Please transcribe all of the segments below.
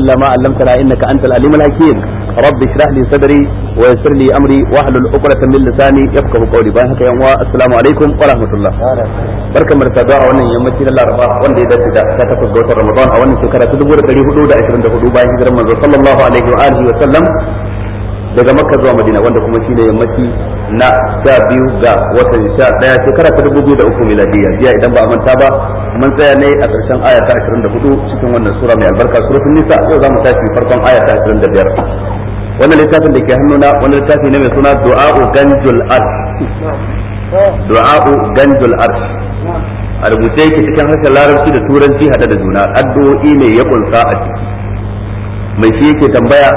إلا ما علمتنا إنك أنت العليم الحكيم رب اشرح لي صدري ويسر لي أمري واحلل عقدة من لساني يفقه قولي بارك يا السلام عليكم ورحمة الله barkan mu da saduwa a wannan yammacin na Laraba wanda ya dace da ta takwas ga watan Ramadan a wannan shekara ta dubu da ɗari hudu da ashirin da hudu bayan daga makka zuwa madina wanda kuma shi shine yammaci na sha biyu ga watan sha daya shekara ta dubu biyu da uku miladiya jiya idan ba a manta ba mun tsaya ne a ƙarshen aya ta ashirin da hudu cikin wannan sura mai albarka suratun nisa yau za mu tashi farkon aya ta ashirin da biyar wannan littafin da ke hannuna wannan littafi ne mai suna du'a'u ganjul arsh du'a'u ganjul arsh a rubuce yake cikin harshen larabci da turanci hada da juna addu'o'i ne ya kunsa a ciki mai shi yake tambaya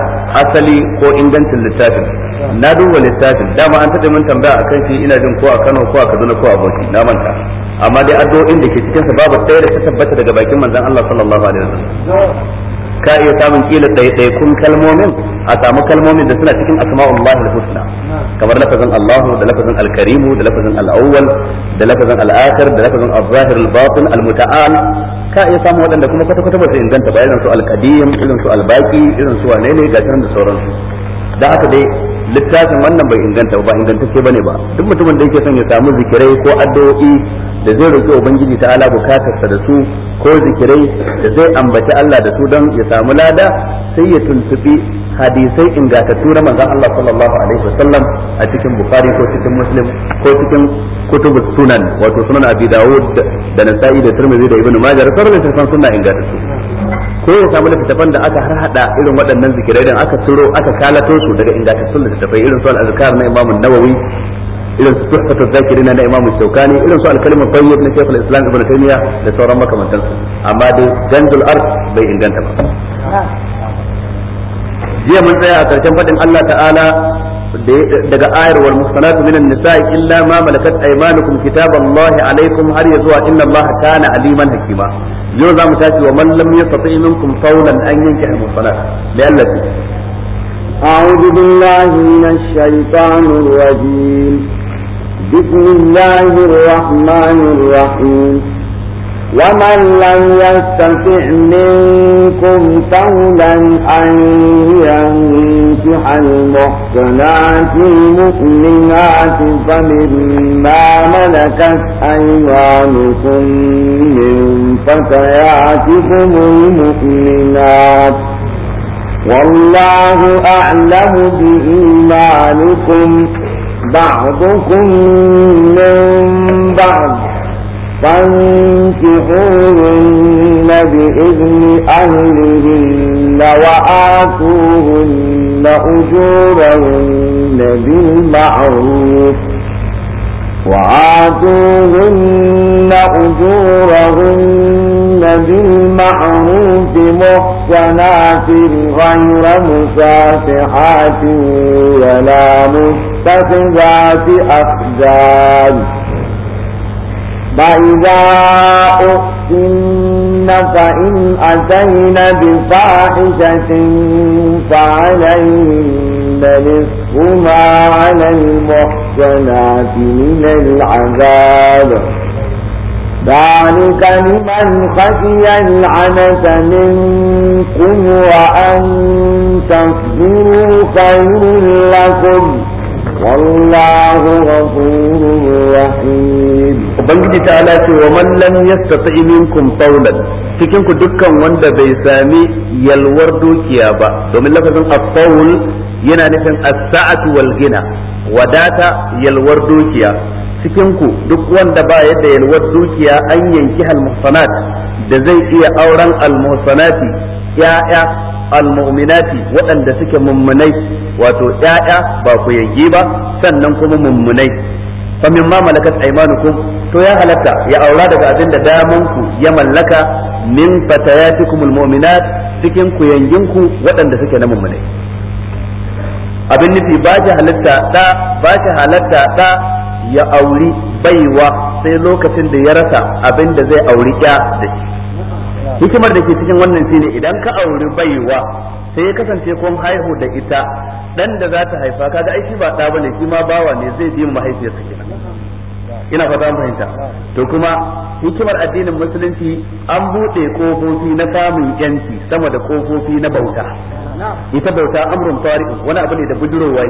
asali ko ingancin littafin na duba littafin dama an taɓa min tambaya akan shi ina jin ko a Kano ko a Kaduna ko a Bauchi na manta amma dai addu'o'in da ke cikin sa babu ɗaya da ta tabbata daga bakin manzon Allah sallallahu alaihi wasallam ka iya samun kila ɗaiɗaikun kalmomin a samu kalmomin da suna cikin asma'ullahi al-husna kamar lafazin Allahu da lafazin al da lafazin al-awwal da lafazin al da lafazin al-zahir al-batin al-muta'al ka iya samu waɗanda kuma kwata kwata ba su inganta ba irin su al-qadim irin su al-baqi irin su wane ne ga da sauransu da haka dai littafin wannan bai inganta ba ingantacce bane ba duk mutumin da yake son ya samu zikirai ko addu'o'i da zai roƙi ubangiji ta ala bukatarsa da su ko zikirai da zai ambaci Allah da su don ya samu lada sai ya tuntubi hadisai ingantattu na manzon Allah sallallahu alaihi wasallam a cikin bukhari ko cikin muslim ko cikin kutubu sunan wato sunan abi dawud da nasa'i da tirmidhi da ibnu majah da sauran littattafan sunna ingantattu ko ya samu littattafan da aka harhaɗa irin waɗannan zikirai da aka turo aka kalato su daga ingantattun littattafai irin sunan azkar na imamu nawawi irin su tuhfatul zakirina na imamu shaukani irin su alkalimin tayyib na shaykhul islam ibn taymiya da sauran makamantansu amma dai gandul ard bai inganta ba jiya mun tsaya a karshen faɗin Allah ta'ala daga ayar wal muhsanatu minan nisa'i illa ma malakat aymanukum kitaballahi alaikum har ya zuwa inna Allah kana aliman hakima yau za mu tashi wa man lam yastati minkum qawlan an yanka al muhsanat li'allati أعوذ بالله من الشيطان الرجيم بسم الله الرحمن الرحيم ومن لم يستطع منكم قولا أن ينكح المحسنات المؤمنات فمما ملكت أيمانكم من فتياتكم المؤمنات والله أعلم بإيمانكم بعضكم من بعض فانكحوهن بإذن أهلهن وآتوهن أجورهن بالمعروف وآتوهن أجورهن بالمعروف محسنات غير مسافحات ولا مستخدات أخدان فإذا أحسن فإن أتين بفاحشة فعليهن نلفهما على المحسنات من العذاب ذلك لمن خشي العنة منكم وأن تصبروا خير لكم والله غفور رحيم ubangiji ta ala ce wa man lam yastati minkum tawlan cikin ku dukkan wanda bai sami yalwar dukiya ba domin lafazin at-tawl yana nufin as-sa'atu wal gina wadata yalwar dukiya cikin ku duk wanda ba yadda yalwar dukiya an yanki al-muhsanat da zai iya auren al-muhsanati ya'ya almu'minati waɗanda suke mummunai wato ƴaƴa ba ku yayye ba sannan kuma mummunai fa ma malakat aymanukum to ya halatta ya aura daga abin da daman ku ya mallaka min fatayatikum almu'minat cikin ku ku waɗanda suke na mummunai abin nufi ba shi halatta da ba shi halatta da ya auri baiwa sai lokacin da ya rasa abin da zai auri ya da hikimar da ke cikin wannan shine idan ka auri baiwa sai ya kasance kun haihu da ita dan da za ta haifa kaga ai shi ba da bane shi ma bawa ne zai bi mahaifiyarsa kenan ina fata fahimta to kuma hikimar addinin musulunci an buɗe kofofi na samun yanci sama da kofofi na bauta ita bauta amrun tariq wani abu ne da budurwa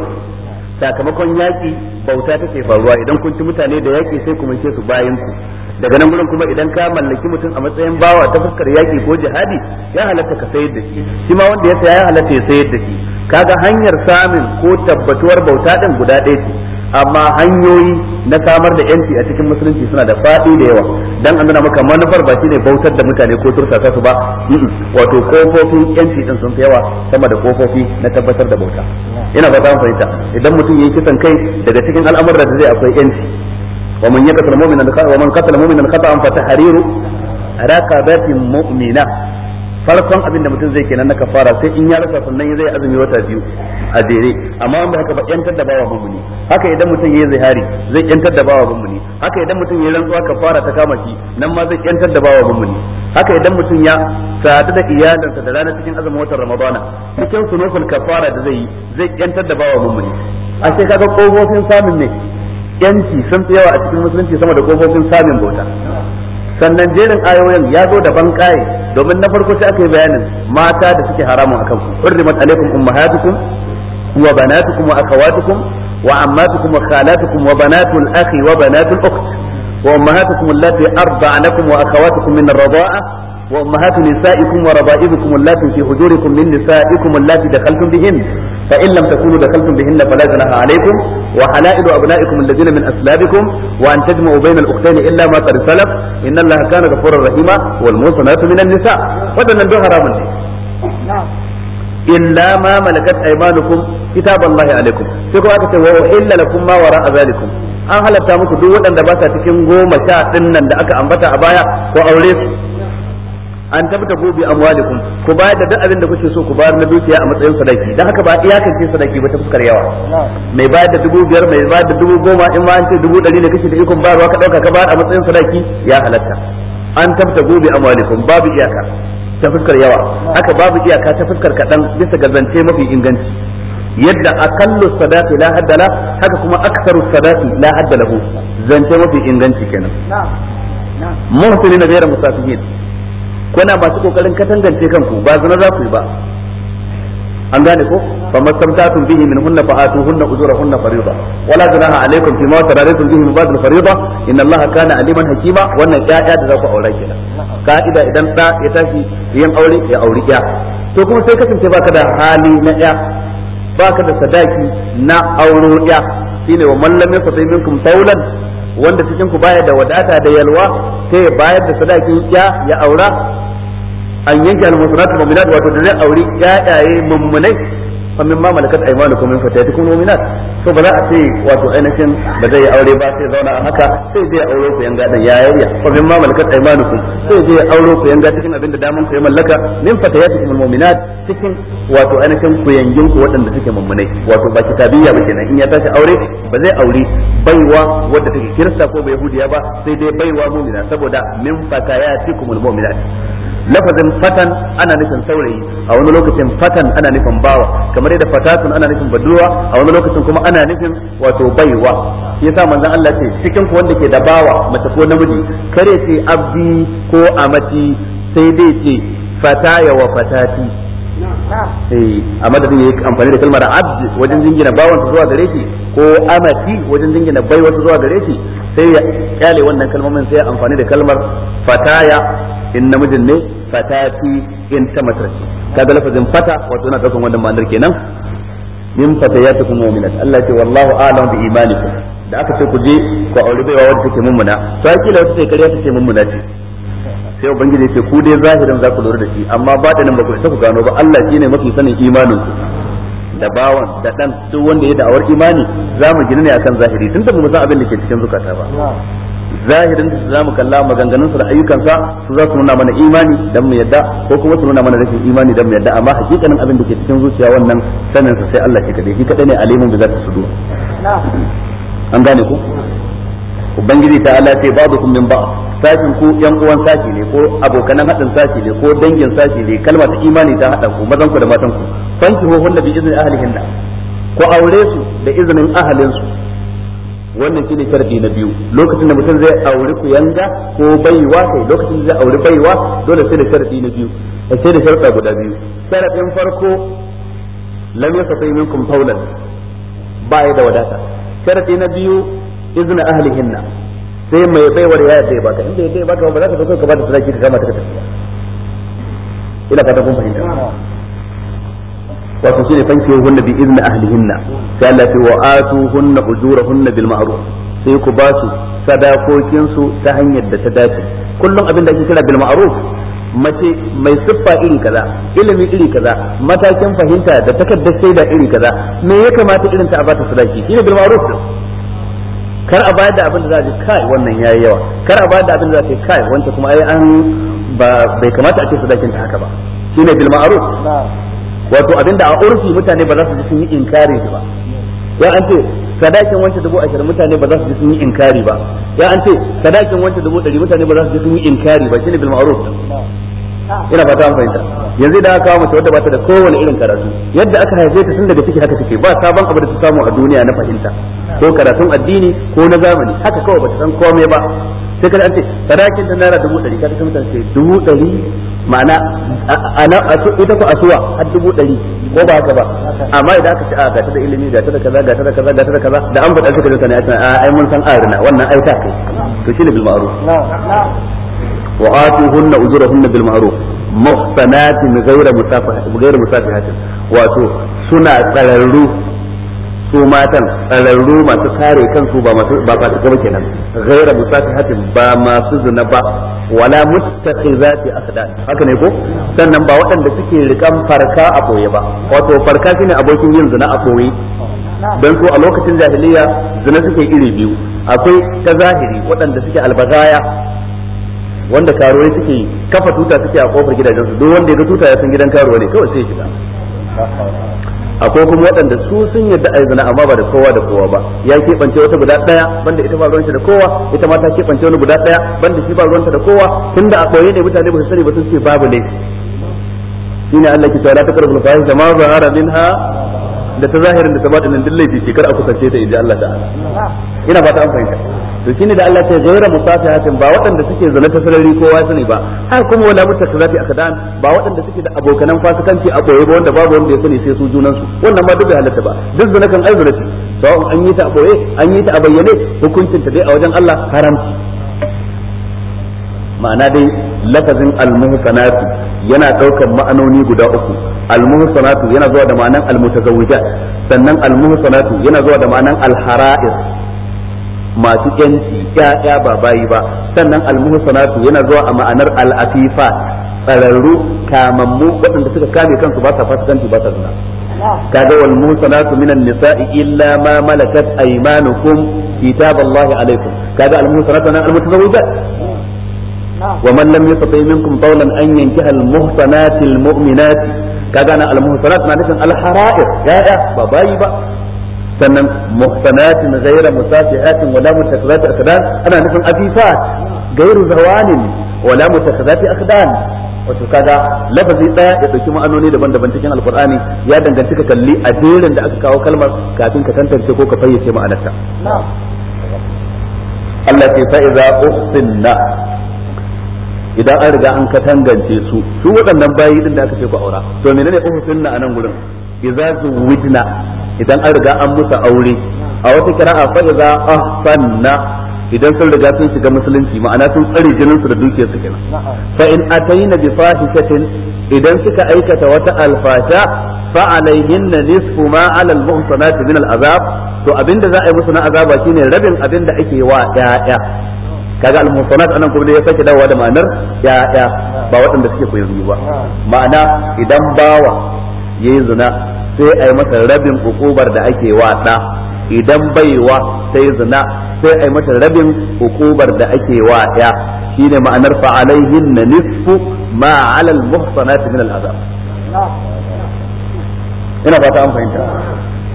sakamakon yaƙi bauta take faruwa idan kun ci mutane da yaƙi sai ku mace su bayan ku daga nan gurin kuma idan ka mallaki mutum a matsayin bawa ta fuskar yaƙi ko jihadi ya halatta ka sayar da shi shi ma wanda ya saya ya halatta ya sayar da shi kaga hanyar samun ko tabbatuwar bauta ɗin guda ɗaya ce amma hanyoyi na samar da yanci a cikin musulunci suna da faɗi da yawa don an nuna maka manufar ba shine bautar da mutane ko tursa su ba wato kofofin yanci din sun fi yawa sama da kofofi na tabbatar da bauta ina ba mu fahimta idan mutum yayi kisan kai daga cikin al'amuran da zai akwai yanci wa man yaqtul mu'mina wa man qatala mu'minan khata'an fa tahriru mu'mina farkon abin da mutum zai kenan na kafara sai in ya rasa sannan zai azumi wata biyu a jere amma wanda haka ba yantar da bawa muni haka idan mutum yayi zihari zai yantar da bawa muni haka idan mutum yayi rantsuwa kafara ta kama shi nan ma zai yantar da bawa muni haka idan mutum ya sadu da iyalansa da ranar cikin azumin watan ramadana cikin sunufin kafara da zai yi zai yantar da bawa muni a sai kaga kofofin samun ne yanci sun fi yawa a cikin musulunci sama da kofofin samun bauta sannan jerin ayoyin ya zo da ban kai domin na farko sai aka yi bayanin mata da suke haramun akan ku hurrimat alaikum ummahatukum wa banatukum wa akhawatukum wa ammatukum wa khalatukum wa banatul akhi wa banatul ukht wa ummahatukum allati arda'anakum wa akhawatukum min ar-radha'a wa ummahatu nisaikum wa raba'ibukum allati fi hujurikum min nisaikum allati dakhaltum bihin fa in lam takunu dakhaltum bihin fala junaha alaykum wa halailu abna'ikum alladhina min aslabikum wa an tajma'u bayna al illa ma qad salaf inna allaha kana ghafurar rahima wal musanatu min an-nisa wadannan duk haramun ne illa ma malakat aymanukum kitaballahi alaikum sai kuma aka ce wa illa lakum ma wara'a an waɗanda basa cikin goma sha da aka ambata a baya ko aure su an tabbata gobe amwalikum ku ba da duk abin da kuke so ku ba na dukiya a matsayin sadaki dan haka ba iyakance sadaki ba ta fuskar yawa mai ba da dubu biyar mai ba da dubu goma in ma an ce dubu ɗari ne kake da ikon bayarwa ka ɗauka ka ba a matsayin sadaki ya halatta an tabbata gobe amwalikum babu iyaka ta fuskar yawa haka babu iyaka ta fuskar kaɗan bisa ga zance mafi inganci yadda akallu sadaqi la haddala haka kuma aksaru sadaqi la haddalahu zance mafi inganci kenan muhsinin ghayra musafihin kuna masu kokarin katangance kanku ba zuna za ku yi ba an gane ko fa mastamtatun bihi min hunna fa ujura hunna fariida wala junaha alaikum ma taraytum bihi min ba'd al-fariida inna allaha kana aliman hakima wannan 'ya'ya da za ku aure. ka'ida idan da ya tashi yin aure ya auri ya to kuma sai kasance baka da hali na ya baka da sadaki na auro ya shine wa mallamin fa sai minkum taulan wanda cikin ku baya da wadata da yalwa sai ya bayar da sadakin ya ya aura an yanke al musnad mu'minat wato da zai auri yayaye mummunai famin ma malakat aymanukum min fatayatikum mu'minat to ba za a ce wato ainihin ba zai aure ba sai zauna a haka sai zai aure ku yanga dan ya yaya min ma malakat aymanukum sai zai aure ku yanga cikin abin da daman ku ya mallaka min fatayatikum mu'minat cikin wato ainihin ku yangin ku wadanda suke mummunai wato ba kitabiyya ba kenan in ya tashi aure ba zai aure baiwa wadda take kirista ko bai hudiya ba sai dai baiwa mu'mina saboda min fatayatikum mu'minat lafazin fatan ana nufin saurayi a wani lokacin fatan ana nufin bawa kamar yadda fatatun ana nufin budurwa a wani lokacin kuma ana nufin wato baiwa shi yasa manzon Allah ce cikin ku wanda ke da bawa mace ko namiji kare ce abdi ko amati sai dai ce fataya wa fatati eh a madadin amfani da kalmar abd wajen jingina bawan zuwa gare shi ko amati wajen jingina baiwa zuwa gare shi sai ya kyale wannan kalmomin sai ya amfani da kalmar fataya in namijin ne fatati in ta matarci kaga lafazin fata wato yana daukan wannan ma'anar kenan min fatayatukum mu'minat Allah ce wallahu a'lam bi imanikum da aka ce ku je ku aure baiwa wanda take mummuna to ai kila wata ce kariya take mummuna ce sai ubangiji ce ku dai zahirin za ku lura da shi amma ba nan ba ku ta ku gano ba Allah shine mafi sanin imanin ku da bawan da dan duk wanda ya da'awar imani za mu gina ne akan zahiri tunda ba mu san abin da ke cikin zukata ba zahirin da za mu kalla maganganun su da ayyukansa su za su nuna mana imani dan mu yadda ko kuma su nuna mana rashin imani dan mu yadda amma hakikanin abin da ke cikin zuciya wannan sanin sa sai Allah ke kadai shi kadai ne alimin da za ta sudu an gane ku ubangiji ta Allah sai babu kun min ba sashin ku yan uwan saki ne ko abokanan hadin saki ne ko dangin saki ne kalma ta imani ta hada ku mazan ku da matan ku fanki ho hunna bi izni ahlihinna ko aure su da izinin ahalin su wannan ne sharadi na biyu lokacin da mutum zai auri kuyanga ko baiwa sai eh, lokacin da zai auri baiwa dole sai da sharadi na biyu eh, sai da sharada guda biyu sharadin farko lam yasfi minkum faulan ba da wadata sharadi na biyu izna ahlihinna sai mai baiwar ya yadda ya baka inda ya yadda ya baka ba za ka so ka ba da sadaki ka kama ta tafiya ina fata kun fahimta wato shine fankiyo hunna bi izni ahlihinna sai Allah ce wa atu hunna ujurahunna bil ma'ruf sai ku ba su sadakokin su ta hanyar da ta dace kullum abin da ake kira bil ma'ruf mace mai siffa iri kaza ilimi iri kaza matakin fahimta da sai da iri kaza me ya kamata irin ta a bata sadaki shine bil ma'ruf kar a bayar da abin da za ji kai wannan yayi yawa kar a bayar da abin da za a kai wanda kuma ai an ba bai kamata a ce sadakin ta haka ba shine bil ma'ruf wato abinda a urfi mutane ba za su ji sun yi inkari ba ya an ce sadakin wancan dubu ashirin mutane ba za su ji sun yi inkari ba ya an ce sadakin wancan dubu ɗari mutane ba za su ji sun yi inkari ba shine bil ma'ruf ina fata an fahimta yanzu da aka kawo mace wadda bata da kowane irin karatu yadda aka haife ta tun daga ciki haka take ba sabon abu da ta samu a duniya na fahimta ko karatun addini ko na zamani haka kawai bata san komai ba sai kada an ce sadakin da naira dubu ɗari kada ka kuma ce dubu ɗari ma'ana ana ita ko asuwa har dubu ɗari ko ba haka ba amma idan aka ce a gata da ilimi gata da kaza gata da kaza gata da kaza da an faɗa suka jinsa ne a ai mun san arina wannan ai ta kai to shi ne bil ma'ruf wa atuhunna ujurahunna bil ma'ruf muhsanatin ghayra musafihatin wato suna tsararru su matan tsararru masu kare kansu ba masu ba ba su kenan ghaira musafihatin ba masu zina ba wala muttaqizati asdan haka ne ko sannan ba waɗanda suke rikan farka a ɓoye ba wato farka shine abokin yin zina a ɓoye? dan so a lokacin jahiliya zina suke iri biyu akwai ta zahiri waɗanda suke albagaya wanda karuwai suke kafa tuta suke a kofar su duk wanda ya ga tuta ya san gidan karuwa ne kawai sai shiga akwai kuma waɗanda su sun yadda a zina amma ba da kowa da kowa ba ya keɓance wata guda ɗaya banda ita ba ruwanta da kowa ita ma ta keɓance wani guda ɗaya banda shi ba ruwanta da kowa da a ɓoye ne mutane ba su sani ba sun ce babu ne ne Allah ke tsara ta karbu da ma zahara ha da ta zahirin da ta ba da nan dillai fi shekar a kusance ta inji Allah ta'ala ina ba ta an fahimta to shine da Allah ta gaira musafihatin ba waɗanda suke zina ta sarari kowa sani ba har kuma wala mutakazzafi akadan ba waɗanda suke da abokanan fasikanci a boye ba wanda babu wanda ya sani sai su junan su wannan ma duk halatta ba duk zina kan aizura ce an yi ta a boye an yi ta a bayyane hukuncin ta dai a wajen Allah haramci ma'ana dai lafazin almuhsanatu yana daukan ma'anoni guda uku almuhsanatu yana zuwa da ma'anan almutazawwijat sannan almuhsanatu yana zuwa da ma'anan alhara'ir masu yanci ya ba bayi ba sannan almuhsanatu yana zuwa a ma'anar al'afifa tsararru kamammu waɗanda suka kame kansu ba sa fasikanci ba sa zina kaga wal muhsanatu minan nisa'i illa ma malakat aymanukum kitaballahi alaikum kaga al muhsanatu nan al mutazawwijat ومن لم يستطع منكم طولا ان ينكح المحصنات المؤمنات kaga na almuhsanat na nufin alhara'ir ya'ya ba bayi ba sannan muhsanatin ghayra musafihatin wala mutakhazati akdan ana nufin afifat ghayru zawanin wala mutakhazati akdan wato kaga lafazi daya ya dauki ma'anoni daban-daban cikin alqur'ani ya danganci ka kalli a jerin da aka kawo kalmar kafin ka tantance ko ka fayyace ma'anarta Allah ke fa idza idan an riga an katangance su su waɗannan bayi din da aka ce ku aura to menene ne a nan gurin idza zuwidna idan an riga an musu aure a wata kira'a fa idza ahsanna idan sun riga sun shiga musulunci ma'ana sun tsare jinin su da dukiyar su kenan fa in ataina bi fahishatin idan suka aikata wata alfasha fa alaihinna nisfu ma ala almuhsanati min to abinda za a yi musu na azaba shine rabin abinda ake wa ya'ya kaga al-musanat anan kuma ya sake dawowa da ma'anar ya'ya ba waɗanda suke koyi ba ma'ana idan bawa yayi zina sai a yi masa rabin hukubar da ake wa idan baiwa sai zina sai a yi mata rabin hukubar da ake wa shine ma'anar fa'alaihin na nisfu ma alal muhsanati min al'azab ina fata an fahimta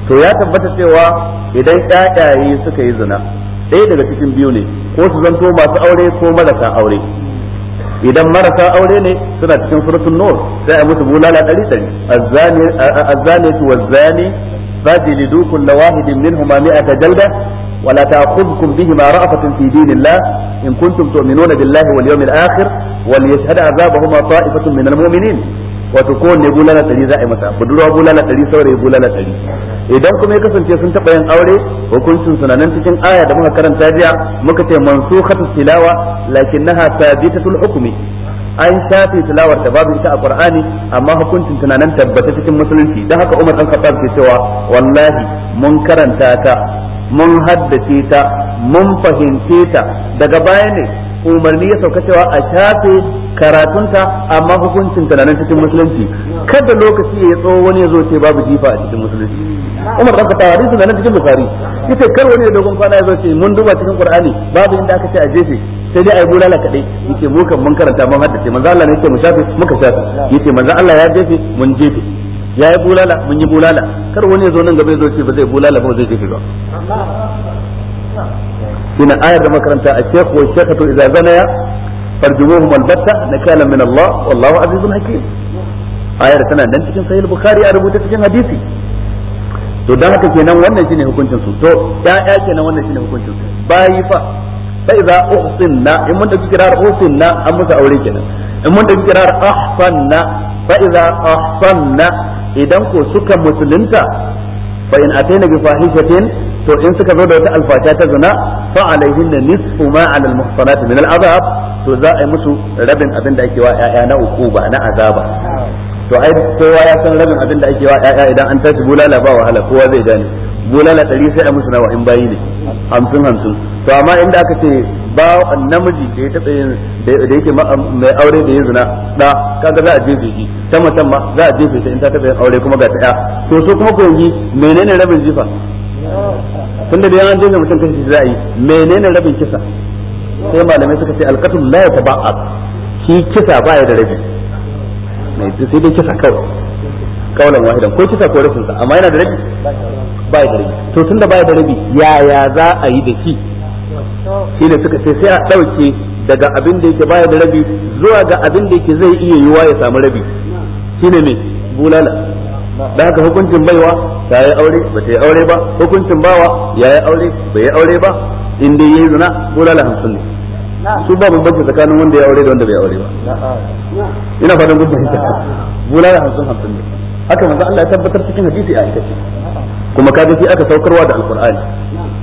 to ya tabbata cewa idan ƴaƴaye suka yi zina ɗaya daga cikin biyu ne ko su zanto masu aure ko marasa aure idan marasa aure ne suna cikin suratul nur sai a musu bulala dari dari azzani azzani wazzani fajlidu kullu wahidin minhuma mi'ata jalda ولا تأخذكم بهما رأفة في دين الله إن كنتم تؤمنون بالله واليوم الآخر وليشهد عذابهما طائفة من المؤمنين وتكون يقول لنا تري زائمة بدلوا يقول لنا تري سوري يقول لنا تري idan kuma ya kasance sun taɓa yin aure hukuncin suna nan cikin aya da muka karanta jiya muka ce mansukhatu tilawa lakinnaha thabitatul hukmi an shafe tilawar ta babu ita a qur'ani amma hukuncin tana nan tabbata cikin musulunci dan haka Umar dan Khattab ke cewa wallahi mun karanta ta mun haddace ta mun fahimce ta daga baya ne umarni ya sauka cewa a shafe karatunta amma hukuncin ta nan cikin musulunci kada lokaci ya tso wani ya zo ce babu jifa a cikin musulunci Umar dan tarihi hadisi nan cikin Bukhari yace kar wani ya dogon kwana ya zo ce mun duba cikin Qur'ani babu inda aka ce a jefe sai dai ayi bulala kaɗai yace mu kan mun karanta mun haddace manzo Allah ne yake mu shafe muka shafe yace manzo Allah ya jefe mun jefe ya yi bulala mun yi bulala kar wani ya zo nan gaba ya zo ce ba zai bulala ba zai jefe ba shine ayar da makaranta a shekhu wa shekhatu idza zanaya farjumuhum albatta nakala min Allah wallahu azizun hakim ayar tana nan cikin sahih bukhari cikin to dan haka kenan wannan shine hukuncin su to ya'ya kenan wannan shine hukuncin su bayi fa fa idza uhsinna in mun da kirar uhsinna an musu aure kenan in mun da kirar ahsanna fa idza ahsanna idan ko suka musulunta fa in ataina bi fahishatin to in suka zo da wata alfasha ta zina fa alaihinna nisfu ma ala al muhsanat min al azab to za a yi musu rabin abin da ake wa ƴaƴa na ukuba na azaba to ai kowa ya san rabin abin da ake wa ƴaƴa idan an tashi bulala ba wahala kowa zai gane bulala ɗari sai a musu nawa in bayi ne hamsin hamsin to amma inda aka ce ba namiji da ya taɓa yin da yake mai aure da ya zina da kaga za a jefe shi ta mutum ma za a jefe ta in ta taɓa yin aure kuma ga ta ya to so kuma ku yanzu menene rabin jifa tunda da yawan jefe mutum kashi za a yi menene rabin kisa sai malamai suka ce alkatul la ya taba'a shi kisa ba ya da rabi mai sai dai kisa kawai kawalan wahidan ko kisa ko rashin sa amma yana da rabi ya da rabi to tunda ya da rabi yaya za a yi da shi ne suka sai a ɗauke daga abin da yake baya da rabi zuwa ga abin da yake zai iya yiwa ya samu rabi shine mai bulala da haka hukuncin baiwa ta yi aure ba ta yi aure ba hukuncin bawa ya yi aure ba yi aure ba in dai yi zina bulala hamsin ne su ba bambanci tsakanin wanda ya aure da wanda bai aure ba ina fadin gudun bulala hamsin hamsin ne haka manzo Allah ya tabbatar cikin hadisi a aikace kuma kaga shi aka saukarwa da alqur'ani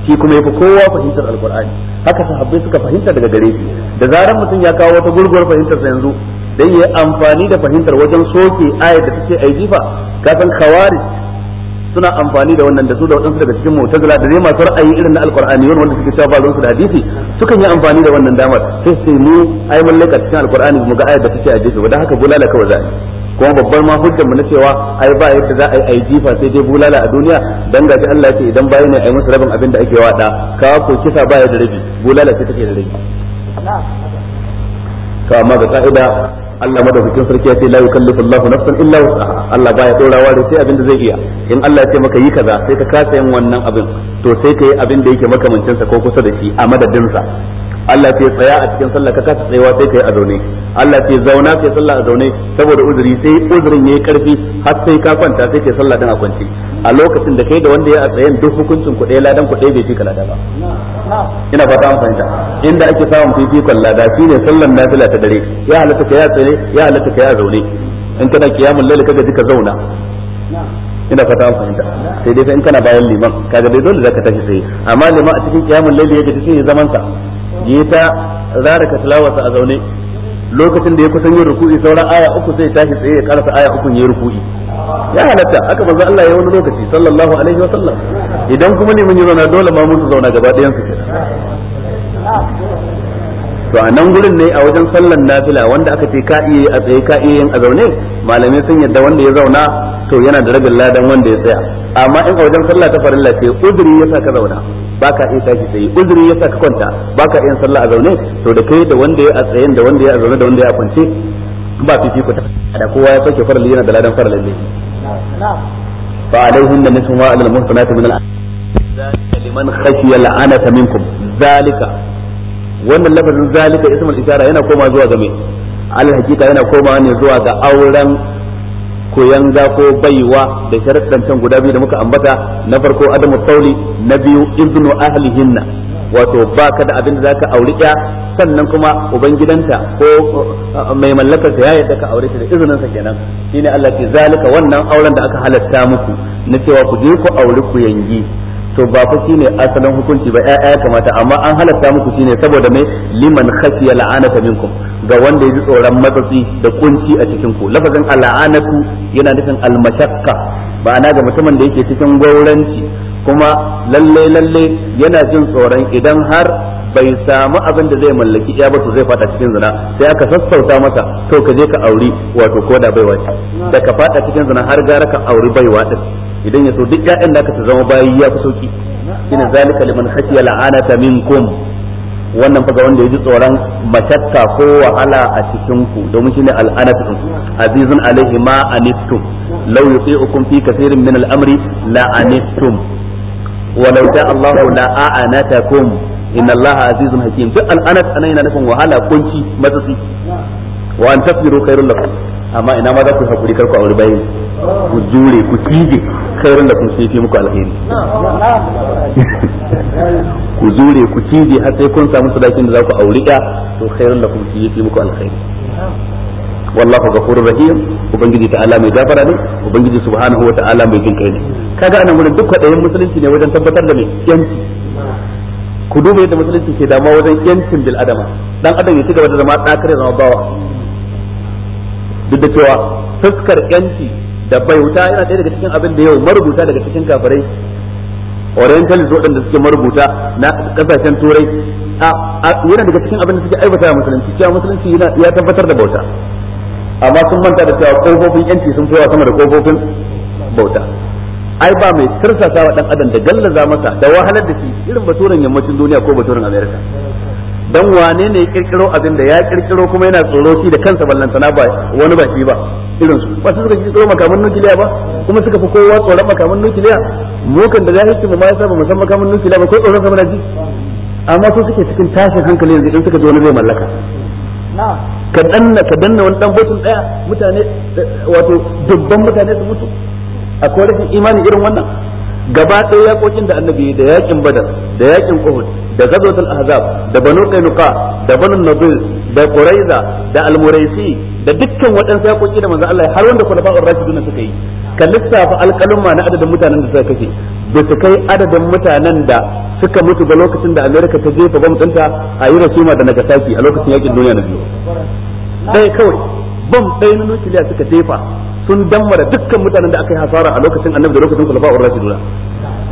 shi kuma yafi kowa fahimtar alqur'ani haka sahabbai suka fahimta daga gare shi da zaran mutum ya kawo wata gurguwar fahimtar sa yanzu dan yi amfani da fahimtar wajen soke ayat da take ai jifa ka san khawarij suna amfani da wannan da su da waɗansu daga cikin mu'tazila da dai masu ra'ayi irin na alqur'ani wanda suke cewa ba da hadisi sukan yi amfani da wannan damar sai sai mu ai mallaka cikin alqur'ani mu ga ayat da take ai jifa wanda haka bulala kawai za'a kuma babbar ma hujjar mu na cewa ai ba yadda za a yi ai jifa sai dai bulala a duniya dan gaji Allah ce idan bayi ne ai musu rabin abin da ake wada ka ko kisa ba da rabi bulala sai take da rabi to amma ga ka'ida Allah madaukakin sarki ya ce la yukallifu Allah nafsan illa wus'aha Allah baya dorawa wa sai abin da zai iya in Allah ya ce maka yi kaza sai ka kasa yin wannan abin to sai ka yi abin da yake makamancinsa ko kusa da shi a madadin sa Allah ce tsaya a cikin sallah ka kasa tsayawa sai kai a zaune Allah ce zauna kai sallah a zaune saboda uzuri sai uzurin yayi karfi har sai ka kwanta sai kai sallah dan a kwance a lokacin da kai da wanda ya a tsayen duk hukuncin ku ɗaya ladan ku ɗaya bai fika lada ba ina fata an fahimta inda ake samun fifikon lada shine sallan nafila ta dare ya halatta kai a tsaye ya halatta kai a zaune in kana kiyamul laili kaga jika zauna ina fata an fahimta sai dai sai in kana bayan liman kaga dai dole zaka tashi sai amma liman a cikin kiyamul layli yake tashi zaman sa je ta ka tilawarsa a zaune lokacin da ya kusan yin ruku'i sauran aya uku sai tashi tsaye ya karasa aya uku yin ruku'i ya halatta aka manzo Allah ya wani lokaci sallallahu alaihi wa sallam idan kuma ne mun yi zauna dole ma mun zauna gaba ɗayan su to a nan gurin ne a wajen sallan nafila wanda aka ce ka iya a tsaye ka iya yin a zaune malamai sun yadda wanda ya zauna to yana da rabin ladan wanda ya tsaya amma in a wajen sallah ta farilla ce uzuri sa ka zauna ba ka iya tashi tsaye uzuri sa ka kwanta ba ka iya sallah a zaune to da kai da wanda ya a tsayen da wanda ya a zaune da wanda ya kwance ba fifiko ta da kowa ya sauke farilla yana da ladan farilla ne fa alaihin da nisan wa alal min al ذلك لمن خشي العنة منكم ذلك wannan lafazin zalika ismul ishara yana koma zuwa ga mai al hakika yana koma ne zuwa ga auren za ko baiwa da sharaddan can guda biyu da muka ambata na farko adamu tauli na biyu ibnu hinna. wato baka da abin da zaka auri ya sannan kuma ubangidanta ko uh, mai mallakar ta ya yadda ka aure ta da izinin sa kenan shine Allah ke zalika wannan auren da aka halatta muku na cewa ku je ku auri ku yangi to ba fa shine asalin hukunci ba ya kamata amma an halatta muku shine saboda me liman khashiya la'anata minkum ga wanda ya ji tsoron matsatsi da kunci a cikin ku lafazin al'anatu yana nufin almashakka ana ga mutumin da yake cikin gauranci kuma lalle lalle yana jin tsoron idan har bai samu abin da zai mallaki iya ba to zai fada cikin zina sai aka sassauta masa to ka je ka auri wato koda baiwa da ka fada cikin zina har gara ka auri baiwa din idan ya so duk ƴaƴan da aka su zama bayi ya fi sauki ina zalika liman khashiya la'anata minkum wannan faga wanda ya ji tsoron mashakka ko wahala a cikin ku domin shine al'anatu azizun alaihi ma anittum law yuti'ukum fi kathirin min al'amri la anittum walau ja'a Allahu la a'anatakum inna Allaha azizun hakim duk al'anat anan yana nufin wahala kunci matsatsi wa an tasbiru khairul lakum amma ina ma za ku hakuri karku a wani bayi ku jure ku tije khairun lakum sai fi muku alheri ku zure ku cije har sai kun samu sadakin da za ku auri ya to khairun lakum sai fi muku alheri wallahu ghafurur rahim ubangiji ta'ala mai gafara ne ubangiji subhanahu wa ta'ala mai jin kai ne kaga anan gurin duk kwadayin musulunci ne wajen tabbatar da mai yanci ku duba yadda musulunci ke dama wajen yancin bil adama dan adam ya ci gaba da zama dakare zama bawa duk da cewa fuskar yanci da bai wuta yana ɗaya daga cikin abin da yau marubuta daga cikin kafirai orientalist da suke marubuta na ƙasashen turai a yana daga cikin abin da suke aibata a musulunci cewa musulunci ya tabbatar da bauta amma sun manta da cewa kofofin yanci sun kowa sama da kofofin bauta ai ba mai tirsasa wa dan adam da gallaza masa da wahalar da shi irin baturen yammacin duniya ko baturen america dan wane ne ya kirkiro abin da ya kirkiro kuma yana tsoro shi da kansa ballantana ba wani ba shi ba irin su ba su suka kirkiro makaman nukiliya ba kuma suka fi kowa tsoron makaman nukiliya mu kan da zahirci mu ma yasa ba mu makaman nukiliya ba ko tsoron sa ji amma su suke cikin tashin hankali yanzu idan suka ji wani zai mallaka ka danna ka danna wani dan botin daya mutane wato dubban mutane su mutu akwai rashin imani irin wannan gaba ɗaya yakokin da annabi da yakin badar da yakin uhud da ghazwatul ahzab da banu qainuqa da banu nadir da quraiza da almuraisi da dukkan waɗansu yakoki da manzo Allah har wanda khulafa'ur rashidun suka yi ka lissafa alƙalumma na adadin mutanen da suka kashe ba su kai adadin mutanen da suka mutu ba lokacin da Amerika ta jefa bom ɗinta a yi rasuma da Nagasaki a lokacin yakin duniya na biyu kawai bam ɗaya na nukiliya suka jefa sun dammara dukkan mutanen da aka yi hasara a lokacin annabi da lokacin kulafa ur rashiduna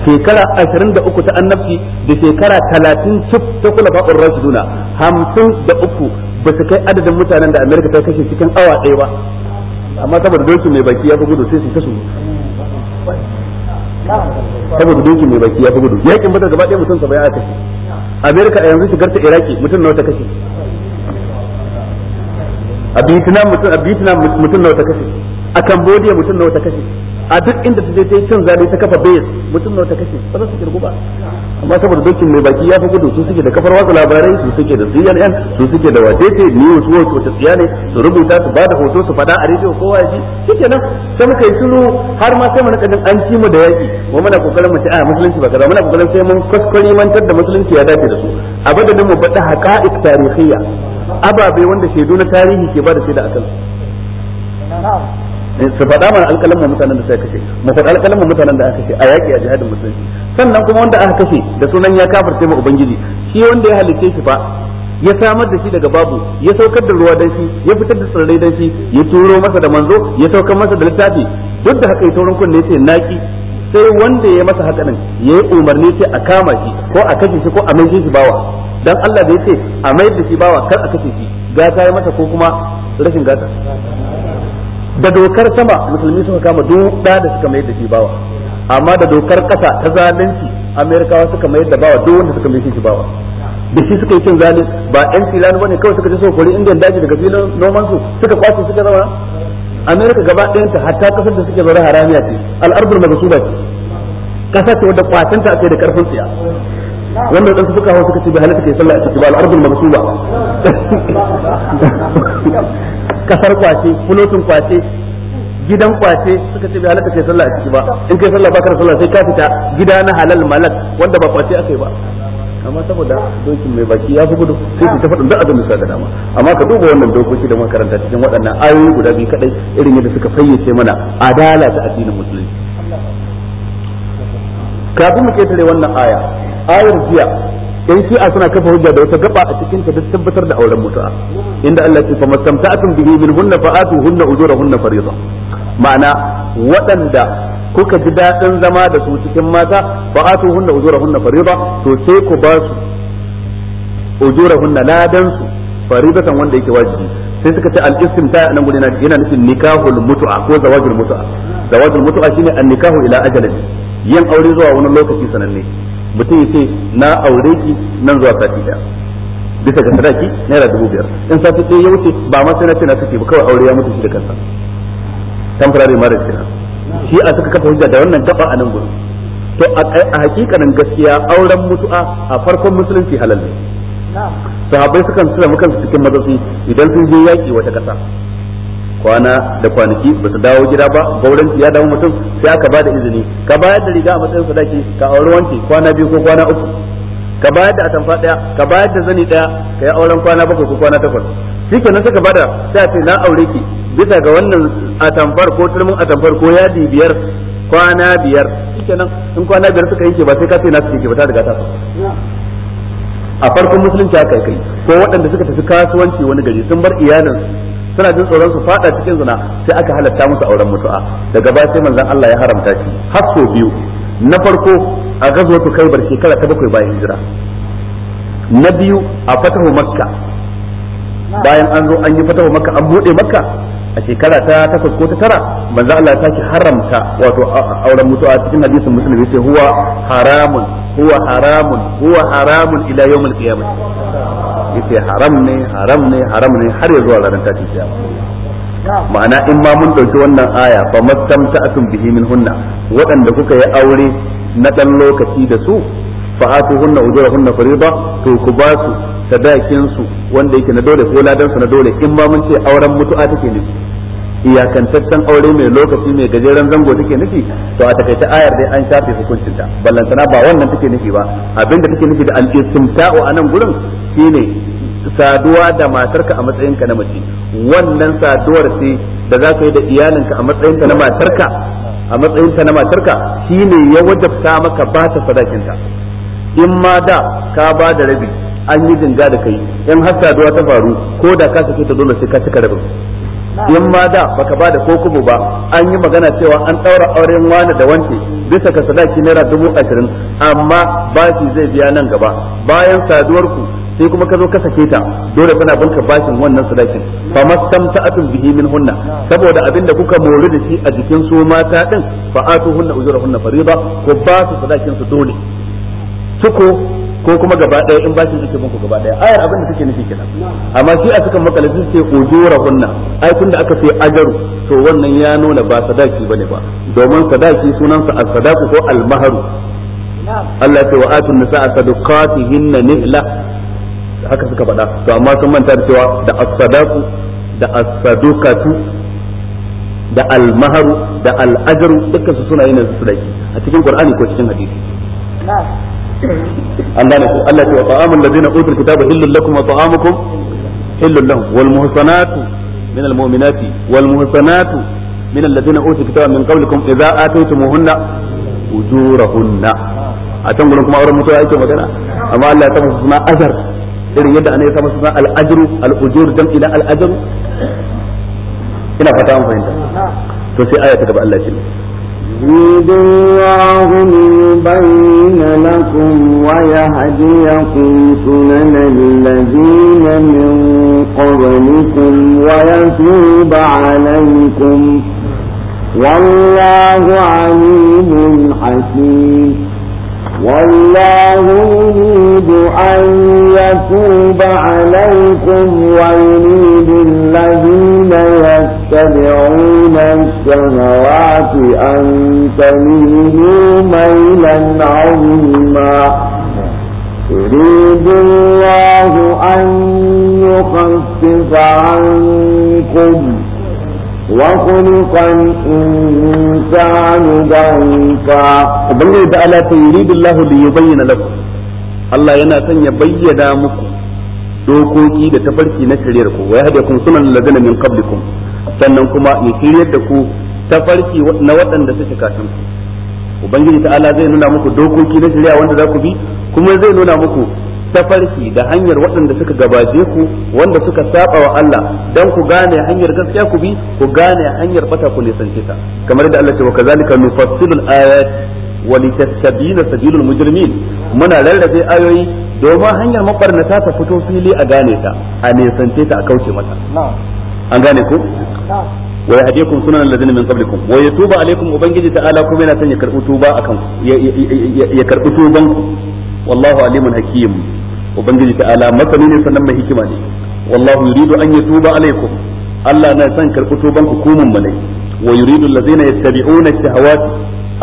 shekara 23 ta annabci da shekara 30 cif ta kulafa ur da 53 ba su kai adadin mutanen da amerika ta kashe cikin awa ɗaya ba amma saboda dokin mai baki ya fi gudu sai su kasu saboda dokin mai baki ya fi gudu yakin bada gaba ɗaya mutum bai aka kashe amerika a yanzu shigar ta iraki mutum nawa ta kashe a Vietnam mutum a Vietnam mutum nawa ta kashe a Cambodia mutum nawa ta kashe a duk inda su je ta cin zabe ta kafa base mutum nawa ta kashe ba za su kirgu ba amma saboda dokin mai baki ya fi gudu su suke da kafar watsa labarai su suke da CNN su suke da wadete news watch wata tsiya ne su rubuta su bada hoto su fada a rediyo kowa ya ji nan sai muka yi sulu har ma sai mu rika an ci mu da yaki mu muna kokarin mu ci a musulunci ba kaza muna kokarin sai mun kuskure mantar da musulunci ya dace da su a badalin mu bada haqa'iq tarihiyya ababe wanda shaidu na tarihi ke ba da shaida akan su faɗa mana alƙalan mu mutanen da suka kashe mu faɗa alƙalan mu mutanen da aka kashe a yaƙi a jihadin musulunci sannan kuma wanda aka kashe da sunan ya kafirce ma ubangiji shi wanda ya halicce shi fa ya samar da shi daga babu ya saukar da ruwa dan shi ya fitar da tsirrai dan shi ya turo masa da manzo ya saukar masa da littafi duk da haka ya taurin kunne ya ce naki sai wanda ya masa haka nan ya yi umarni sai a kama shi ko a kashe shi ko a mai shi bawa dan Allah bai ce a mai da shi bawa kar a kashe shi gata ya masa ko kuma rashin gata da dokar sama musulmi suka kama duk da da suka mai da shi bawa amma da dokar kasa ta zalunci amerikawa suka mai da bawa duk wanda suka mai shi bawa da shi suka yi cin zalunci ba yan filani bane kawai suka ci so kori indiyan daji daga filin noman su suka kwace suka zama amerika gaba ɗayan ta hatta kasar da suke zaune haramiya ce al'ardul magasuba ce kasa ce wadda kwatan ta ake da karfin tsiya wanda dan suka hawo suka ce bai halatta kai sallah a ciki ba al'ardul magasuba kasar kwace fulotin kwace gidan kwace suka ce bai halatta kai sallah a ciki ba in kai sallah ba kar sallah sai ka fita gida na halal malak wanda ba kwace akai ba amma saboda dokin mai baki ya fi gudu sai su ta faɗin duk abin da suka dama amma ka duba wannan dokoki da makaranta cikin waɗannan ayoyi guda biyu kadai irin yadda suka fayyace mana adala ta addinin musulunci kafin mu ketare wannan aya ayar jiya in a suna kafa hujja da wata gaba a cikin ta duk tabbatar da auren mutu'a inda Allah ya ce fa mastamta'atum bihi min hunna fa hunna ujurahunna fariḍa ma'ana waɗanda kuka ji daɗin zama da su cikin mata fa atuhunna hunna fariba to sai ku ba su hunna ladan su kan wanda yake wajibi sai suka ce al ta nan gurin yana nufin nikahul mutu'a ko zawajul mutu'a zawajul mutu'a shine an-nikahu ila ajalin yin aure zuwa wani lokaci sananne mutum ya ce na aure ki nan zuwa sati daya bisa ga sadaki naira dubu biyar in sati ɗaya ya wuce ba ma sai na ce na ba kawai aure ya mutu shi da kansa temporary marriage kenan shi a suka kafa hujja da wannan gaba a nan gurin to a hakikanin gaskiya auren mutu'a a farkon musulunci halal ne sahabbai sukan tsira mukan su cikin mazafi idan sun je yaki wata kasa kwana da kwanaki ba su dawo gida ba gauran ya dawo mutum sai aka ba da izini ka bayar da riga a matsayin sadaki ka auri wanke kwana biyu ko kwana uku ka bayar da atamfa daya ka bayar da zani daya ka yi auren kwana bakwai ko kwana takwas kenan suka bada sai a ce na aure ki bisa ga wannan atamfar ko turmin atamfar ko yadi biyar kwana biyar kenan in kwana biyar suka yanke ba sai ka sai na suke ba ta riga ta a farkon musulunci aka kai ko waɗanda suka tafi kasuwanci wani gari sun bar iyalin suna jin tsoron su fada cikin zina sai aka halatta musu auren mutu'a daga baya sai manzon Allah ya haramta shi har biyu na farko a gazwatu Khaibar shekara ta bakwai bayan hijira na biyu a fatahu Makka bayan an zo an yi fatahu Makka an buɗe Makka a shekara ta takwas ko ta tara manzo Allah ya saki haramta wato auren mutuwa cikin hadisin musulmi sai, huwa haramun huwa haramun huwa haramun ila yawmil qiyamah yace haram ne haram ne haram ne har ya zuwa ranar tashin kiyama ma'ana in ma mun dauki wannan aya fa mastamta'atum bihi min hunna waɗanda kuka yi aure na dan lokaci da su fa atuhunna ujurahunna fariida to ku ba su sadakin su wanda yake na dole ko ladan su na dole in ma mun ce auren mutu'a take ne iyakantaccen aure mai lokaci mai gajeren zango take nufi to a takaita ayar dai an shafe hukuncin ta ballantana ba wannan take nufi ba abinda take nufi da al-istimta'u a nan gurin shine saduwa da matarka a matsayinka na mace wannan saduwar ce da za ka yi da iyalinka a matsayinka na matarka a matsayinka na matarka shine ya wajabta maka ba ta sadakinta in ma da ka ba da rabi an yi jinga da kai in har saduwa ta faru ko da ka sake ta dole sai ka cika rabin in ma da baka ba da ko ba an yi magana cewa an daura auren wani da wanke bisa ka sadaki naira dubu ashirin amma bashi zai biya nan gaba bayan saduwar ku sai kuma ka zo ka sake ta dole kana binka bashin wannan sadakin fa mastamta'atun bihi min hunna saboda abinda kuka mori da shi a jikin su mata din fa atu hunna ujurahunna fariida ko ba su sadakin su dole suko ko kuma gaba ɗaya in bashin take muku gaba ɗaya ayar abin da suke nufi kenan amma shi a suka makale sai ce ujura hunna ai tun da aka ce ajaru to wannan ya nuna ba sadaki bane ba domin sadaki sunansa as-sadaqu ko al Allah ya ce wa atun nisaa sadaqatihin nihla haka suka faɗa to amma sun manta da cewa da as-sadaqu da as-sadaqatu da al da al dukkan su suna yin sadaki a cikin Qur'ani ko cikin hadisi an gane ku Allah ce wa ta'amul ladina utul kitaba illal lakum wa ta'amukum illal lahum wal muhsanatu min al mu'minati wal muhsanatu min alladhina utul kitaba min qablikum idza ataytumuhunna ujurahunna a can gurin kuma auren mutuwa amma Allah azar irin yadda ana ya ta musu suna al ajru al ina fata an fahimta to sai aya ta gaba Allah shi ne يريد الله ليبين لكم ويهديكم سنن الذين من قبلكم ويتوب عليكم والله عليم حكيم والله يريد أن يتوب عليكم ويريد الذين يتبعون الشهوات أن تميلوا ميلا عظيما يريد الله أن يخفف عنكم وخلق الإنسان ضعيفا وبنجد تعالى يريد الله ليبين لكم الله ينا سن يبين مكم dokoki da tafarki na shirya ku wa yahda kun sunan ladina min qablikum sannan kuma ya shiryar da ku tafarki na waɗanda suke kafin ku ubangiji ta'ala zai nuna muku dokoki na shirya wanda za ku bi kuma zai nuna muku tafarki da hanyar waɗanda suka gabaje ku wanda suka saba wa Allah dan ku gane hanyar gaskiya ku bi ku gane hanyar bata ku nisance ta kamar da Allah ce wa kazalika nufassilu ayat wa litastabina sabilul mujrimin muna rarrabe ayoyi domin hanyar mabarnata ta fito fili a gane ta a nisance ta a kauce mata an gane ku sunan سنن الذين من قبلكم ويتوب عليكم وبنجي تعالى kuma yana son ya karbi tuba akan ya karbi tuban wallahu alimun hakim ubangiji ta'ala masani ne sannan mai hikima ne wallahu yuridu an yatuba alaikum Allah na san karɓi tuban hukumun kumun ne. wa yuridu allazina yattabi'una ash-shahawat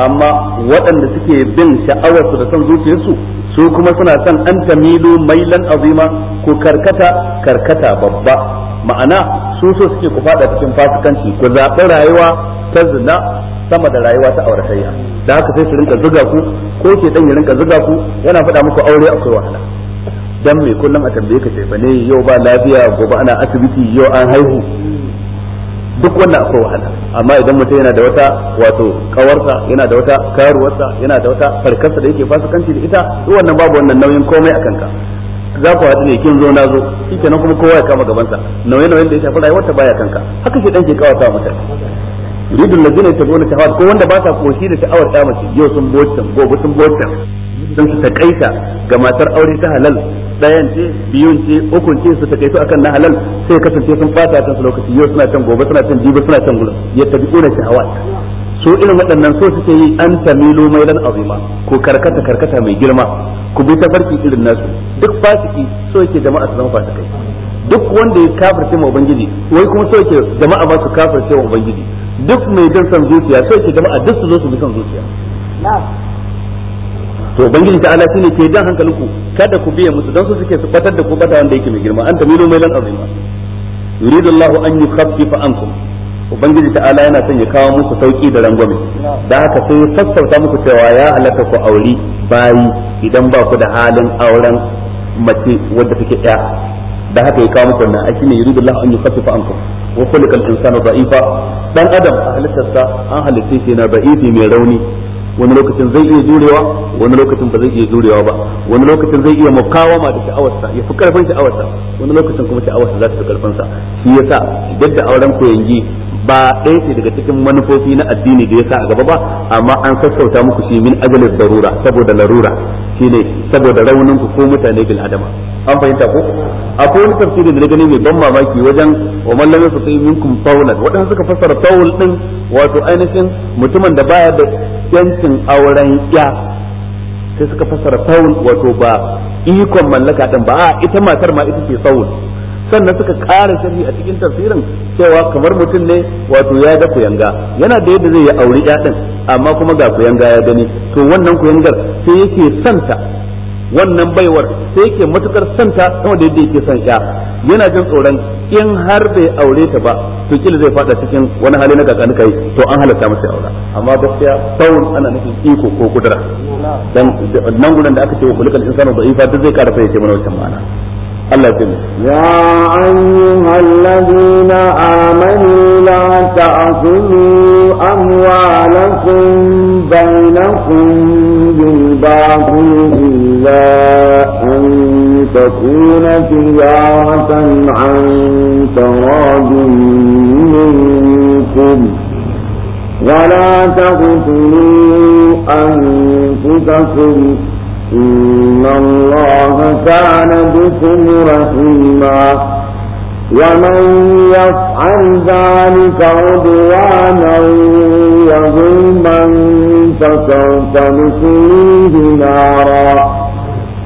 amma waɗanda suke bin sha'awarsu da san zuciyarsu su kuma suna son an tamilu mailan azima ko karkata karkata babba ma'ana su so suke ku fada cikin fasikanci ku zaɓi rayuwa ta zina sama da rayuwa ta auratayya da haka sai su rinka zuga ku ko ke dan ya rinka zuga ku yana faɗa muku aure akwai wahala dan mai kullum a tambaye ka sai ne yau ba lafiya gobe ana asibiti yau an haihu duk wannan akwai wahala amma idan mutum yana da wata wato kawarsa yana da wata karuwarsa yana da wata farkarsa da yake fasikanci da ita duk wannan babu wannan nauyin komai a ka za ku haɗu ne kin zo na zo kenan kuma kowa ya kama gabansa nauyin nauyin da ya shafi rayuwar ta baya kanka haka shi dan ke kawata mutane ta ladina ta hawa ko wanda ba ta koshi da awar ta mace yau sun bocin gobe sun bocin sun su takaita ga matar aure ta halal ɗayan ce biyun ce ukun ce su takaitu akan na halal sai kasance sun fata kan su lokaci yau suna can gobe suna can jibi suna can gurin ya tabi ƙuna shahawat su irin waɗannan so suke yi an tamilu lan azima ko karkata karkata mai girma ku bi ta farki irin nasu duk fasiki so yake jama'a su zama fasikai duk wanda ya kafirce ma ubangiji wai kuma so yake jama'a ba su kafirce ma ubangiji duk mai jin san zuciya so yake jama'a duk su zo su bi san zuciya to ubangiji ta ala shine ke jan hankalinku kada ku biya musu dan su suke su batar da ku bata wanda yake mai girma an tamilu mai lan azima yuridu an yukhaffifa ankum ubangiji ta ala yana son ya kawo muku sauki da rangwame da haka sai ya sassauta muku cewa ya halaka ku auri bayi idan ba ku da halin auren mace wadda take ɗaya da haka ya kawo muku wannan ai ne yuridu Allahu an yukhaffifa ankum wa khuliqa al-insanu da'ifa dan adam a halittarsa an halitta shi na da'ifi mai rauni wani lokacin zai iya jurewa wani lokacin ba zai iya jurewa ba wani lokacin zai iya mukawama da sha'awarsa ya fi karfin sha'awarsa wani lokacin kuma sha'awarsa za ta fi karfin sa shi yasa duk da auren koyangi ba ɗaya ce daga cikin manufofi na addini da ya sa a gaba ba amma an sassauta muku shi min ajalin darura saboda larura shine saboda raunin ku ko mutane bil adama an fahimta ko akwai wani tafsiri da na gani mai ban mamaki wajen wa man lam yastati minkum tawlan waɗanda suka fassara faul din wato ainihin mutumin da baya da yancin auren ya sai suka fassara faul wato ba ikon mallaka din ba a ita matar ma ita ce faul sannan suka ƙara sharhi a cikin tafsirin cewa kamar mutum ne wato ya ga kuyanga yana da yadda zai ya auri ɗaɗin amma kuma ga kuyanga ya gani to wannan kuyangar sai yake santa wannan baiwar sai yake matukar santa sama da yadda yake son ya yana jin tsoron in har bai aure ta ba to kila zai fada cikin wani hali na kakan kai to an halatta masa aura amma gaskiya saurin ana nufin iko ko kudura dan nan gudan da aka ce wa kulikal insanu ifa duk zai kara fayyace mana wancan ma'ana الله يا أيها الذين آمنوا لا تأكلوا أموالكم بينكم بالباطل إلا أن تكون تجارة عن تراض منكم ولا تقتلوا أنفسكم إن الله كان بكم رحيما ومن يفعل ذلك عدوانا وظلما فسوف نصليه نارا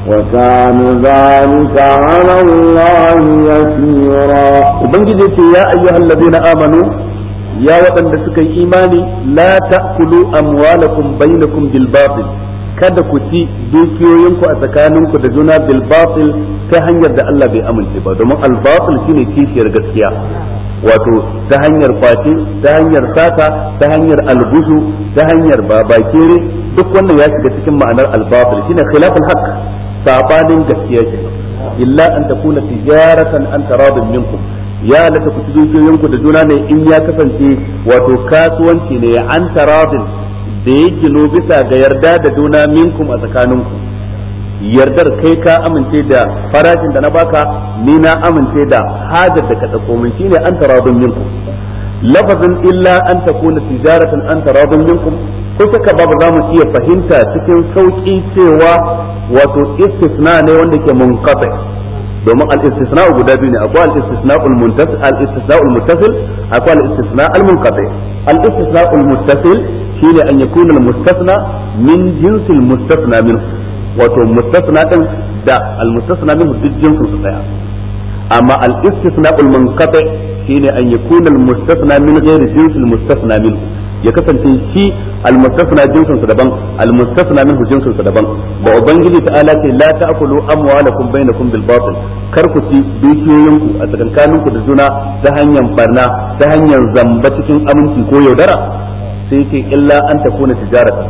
وكان ذلك على الله يسيرا وبنجد يا أيها الذين آمنوا يا وطن سكي إيماني لا تأكلوا أموالكم بينكم بالباطل kada ku ci dukiyoyinku a tsakaninku da juna bil batil ta hanyar da Allah bai amince ba domin al batil shine kishiyar gaskiya wato ta hanyar kwace ta hanyar sata ta hanyar algusu ta hanyar babakere duk wannan ya shiga cikin ma'anar al batil shine khilaful haqq sabanin gaskiya ke illa an takuna tijaratan an taradin minkum ya halatta ku ci dukiyoyinku da juna ne in ya kasance wato kasuwanci ne an taradin da ya gino bisa ga yarda da juna minkum a tsakaninku yardar kai ka amince da farashin da na baka ni na amince da hajar da ka tsako min shine an taradun minkum lafazin illa an takuna tijaratan an taradun minkum ko saka babu za mu iya fahimta cikin sauki cewa wato istisna ne wanda ke munqati domin al-istisna'u guda biyu ne akwai al-istisna'ul muntasil al-istisna'ul muttasil akwai al-istisna'ul munqati al-istisna'ul muttasil shine an yakuna al-mustasna min jinsil mustasna min wato mustasna din da al-mustasna min duk jinsin su daya amma al-istisna'ul munqati shine an yakuna al-mustasna min ghairi jinsil mustasna min ya kasance shi almustasna jinsin sa daban almustasna minhu jinsin sa daban da ubangiji ala ce la ta'kulu amwalakum bainakum bil batil kar ku ci dukiyoyinku a tsakankanin ku da juna ta hanyar barna ta hanyar zamba cikin aminci ko yaudara sai ce illa an ta takuna tijarata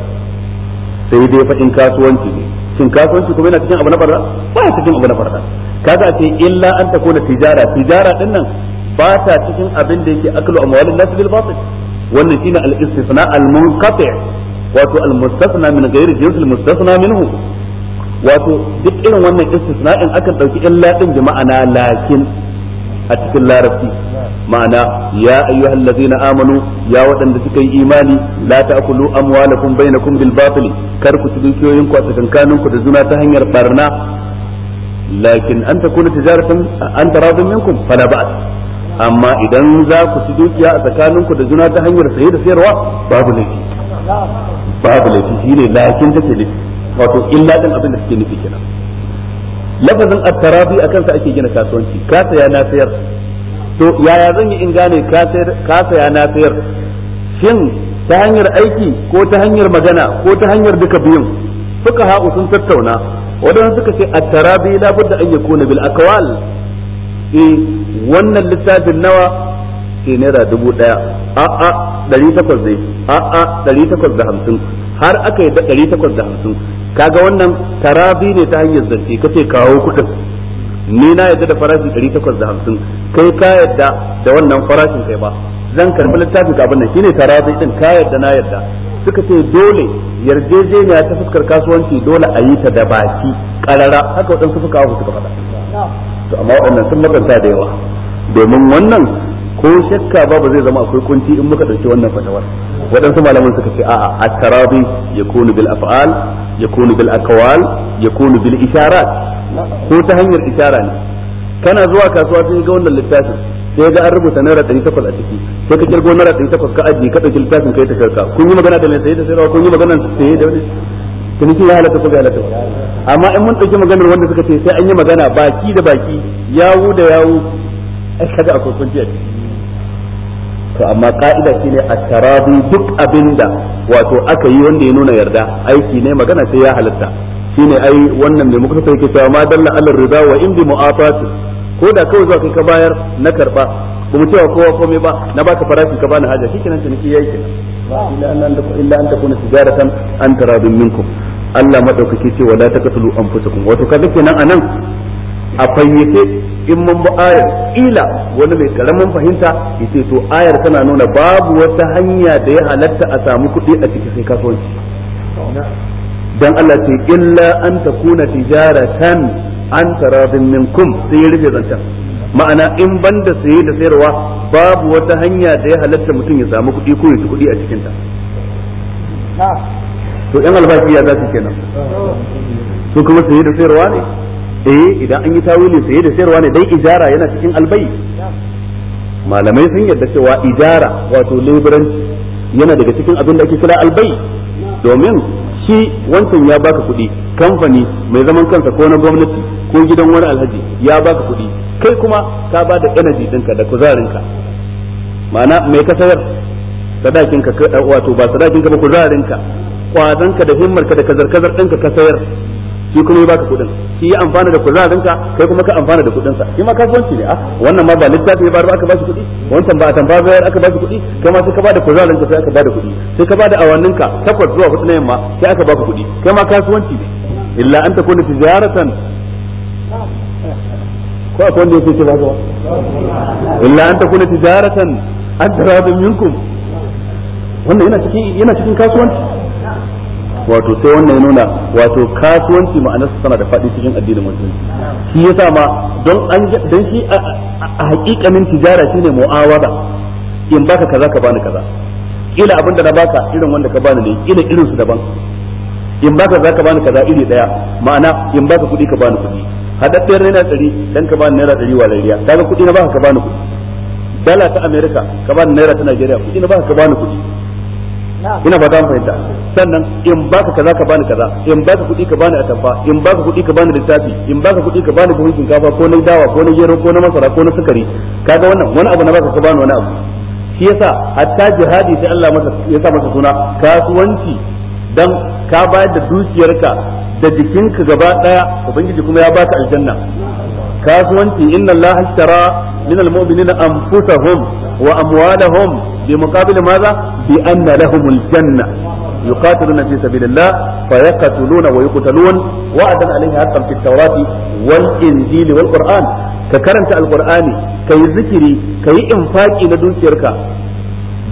sai dai fa kasuwanci ne shin kasuwanci kuma yana cikin abu na barna ba ya cikin abu na barna kaga ce illa an ta takuna tijara tijara din nan ba ta cikin abin da yake aklu amwalin nas bil batil wannan shine al-istisna al-munqati wato al-mustasna min ghairi jinsi al-mustasna minhu wato duk irin wannan in akan dauki illa din bi ma'ana lakin a cikin larabci ma'ana ya ayyuhal ladzina amanu ya waɗanda suka yi imani la ta'kulu amwalakum bainakum bil batil kar ku ci dukiyoyinku a tsakankaninku da juna ta hanyar barna lakin an takuna tijaratan an taradun minkum fala ba'd amma idan za ku ci dukiya a tsakaninku da juna ta hanyar saye da sayarwa babu laifi babu laifi ne lakin take nufi wato illa din abin da suke nufi kenan lafazin at-tarabi akan sa ake gina kasuwanci ka saya na sayar to yaya zan yi in gane ka sayar ka saya na sayar shin ta hanyar aiki ko ta hanyar magana ko ta hanyar duka biyun fuka ha'u sun tattauna wadanda suka ce at-tarabi labudda an yakuna bil aqwal E, wannan littafin nawa ke naira dubu ɗaya a a ɗari takwas ne a a ɗari takwas da hamsin har aka yi da ɗari takwas da hamsin kaga wannan tarabi ne ta hanyar zance ce kawo kuɗin ni na yadda da farashin ɗari takwas da hamsin kai ka yadda da wannan farashin kai ba zan karɓi littafin ka abin nan shine tarabi din ka yadda na yadda suka ce dole yarjejeniya ta fuskar kasuwanci dole a yi ta da baki ƙarara haka waɗansu fuka suka faɗa to amma waɗannan sun makanta da yawa domin wannan ko shakka ba ba zai zama akwai kunci in muka ɗauki wannan fatawar waɗansu malaman suka ce a'a at-tarabi yakunu bil af'al yakunu bil aqwal yakunu bil isharat ko ta hanyar ishara ne kana zuwa kasuwa sai ga wannan littafin sai ga an rubuta naira a ciki sai ka kirgo naira ka ajiye ka ɗauki littafin kai ta karka kun yi magana da mai saye da kun yi magana da wani ciniki ya halatta ko bai halatta ba amma in mun dauki maganar wanda suka ce sai an yi magana baki da baki yawu da yawu ai kada akwai kunci to amma ka'ida ne at-tarabi duk abinda wato aka yi wanda ya nuna yarda aiki ne magana sai ya halatta shine ai wannan ne muka sai cewa ma dalla alal rida wa indi mu'afati ko da kawai zuwa kai ka bayar na karba kuma cewa kowa komai ba na baka farashi ka bani haja shikenan ciniki yayi kenan illa an kuna tijaratan an taradun minkum Allah madaukaki ce wala taqtulu anfusakum wato kaga kenan anan a fayyace in mun ba ayar ila wani mai karamin fahimta yace to ayar tana nuna babu wata hanya da ya halatta a samu kuɗi a cikin sai kasuwanci dan Allah ce illa an takuna tijaratan an taradin minkum sai ya rufe zancen ma'ana in banda saye da sayarwa babu wata hanya da ya halatta mutum ya samu kuɗi ko ya ci kuɗi a cikin ta to yan albashi ya zasu kenan su kuma saye da sayarwa ne eh idan an yi tawili saye da sayarwa ne dai ijara yana cikin albai malamai sun yarda cewa ijara wato leburan yana daga cikin abin da ake kira albai domin shi wancan ya baka kuɗi kamfani mai zaman kansa ko na gwamnati ko gidan wani alhaji ya baka kuɗi kai kuma ka ba da energy dinka da kuzarinka ma'ana mai ka sayar sadakinka wato ba sadakinka ba kuzarinka kwazanka da himmarka da kazar-kazar ɗinka ka sayar shi kuma ya baka kuɗin shi ya amfana da kuzarinka kai kuma ka amfana da kuɗinsa shi ma kasuwanci ne a ah, wannan ma ba littafi ya bayar aka ba shi kuɗi wancan ba a tambaya bayar aka ba shi kuɗi kai ma sai ka ba da kuzarinka sai aka ba da kuɗi sai ka ba da awanninka takwas zuwa hudu na yamma sai aka baka kuɗi kai ma kasuwanci ne illa an takuna tijaratan ko a wanda yake ce ba ba illa an takuna tijaratan an rabin minkum wannan yana cikin yana cikin kasuwanci wato sai wannan ya nuna wato kasuwanci ma'anar tana da faɗi cikin addinin musulunci shi yasa ma don an don shi a hakikanin tijara shine mu'awada in baka kaza ka bani kaza kila abin da na baka irin wanda ka bani ne kila irin su daban in baka za ka bani kaza iri daya ma'ana in baka kuɗi ka bani kuɗi haɗaɗɗiyar naira ɗari dan ka bani naira ɗari walariya kaga kuɗi na baka ka bani kuɗi dala ta america ka bani naira ta nigeria kuɗi na baka ka bani kuɗi ina fata mun fahimta sannan in baka kaza ka bani kaza in baka kudi ka bani atamfa in baka kudi ka bani littafi in baka kudi ka bani buhun shinkafa ko na dawa ko na gero ko na masara ko na sukari kaga wannan wani abu na baka ka bani wani abu shi yasa hatta jihadi sai Allah masa sa masa suna kasuwanci dan ka bayar da dukiyarka da jikinka gaba daya ubangiji kuma ya baka aljanna kasuwanci inna allaha ishtara min almu'minina anfusahum wa amwalahum bi muqabil madha bi anna يقاتلون في سبيل الله فيقتلون ويقتلون وعدا عليه حقا في التوراة والإنجيل والقرآن ككرنت القرآن كي ذكري كي إنفاقي شركة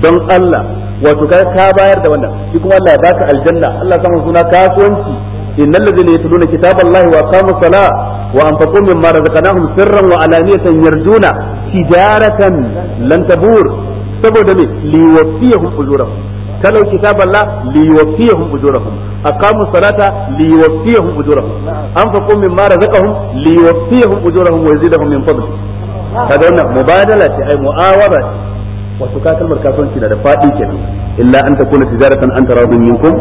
don Allah wato ka bayar da wannan shi kuma Allah aljanna Allah suna kasuwanci innal ladzina yatluna kitaballahi wa aqamus salah wa anfaqu mimma razaqnahum sirran wa alaniyatan yarjuna tijaratan lan tabur saboda me liwafiyahum ujurahum kalau kitaballah liwafiyahum ujurahum aqamu salata liwafiyahum ujurahum anfaqu mimma razaqahum liwafiyahum ujurahum wa yazidahum min fadli kaga wannan mubadala ce ai mu'awara wato ka kalmar kasuwanci na da faɗi kenan illa an takuna tijaratan an taradun kum.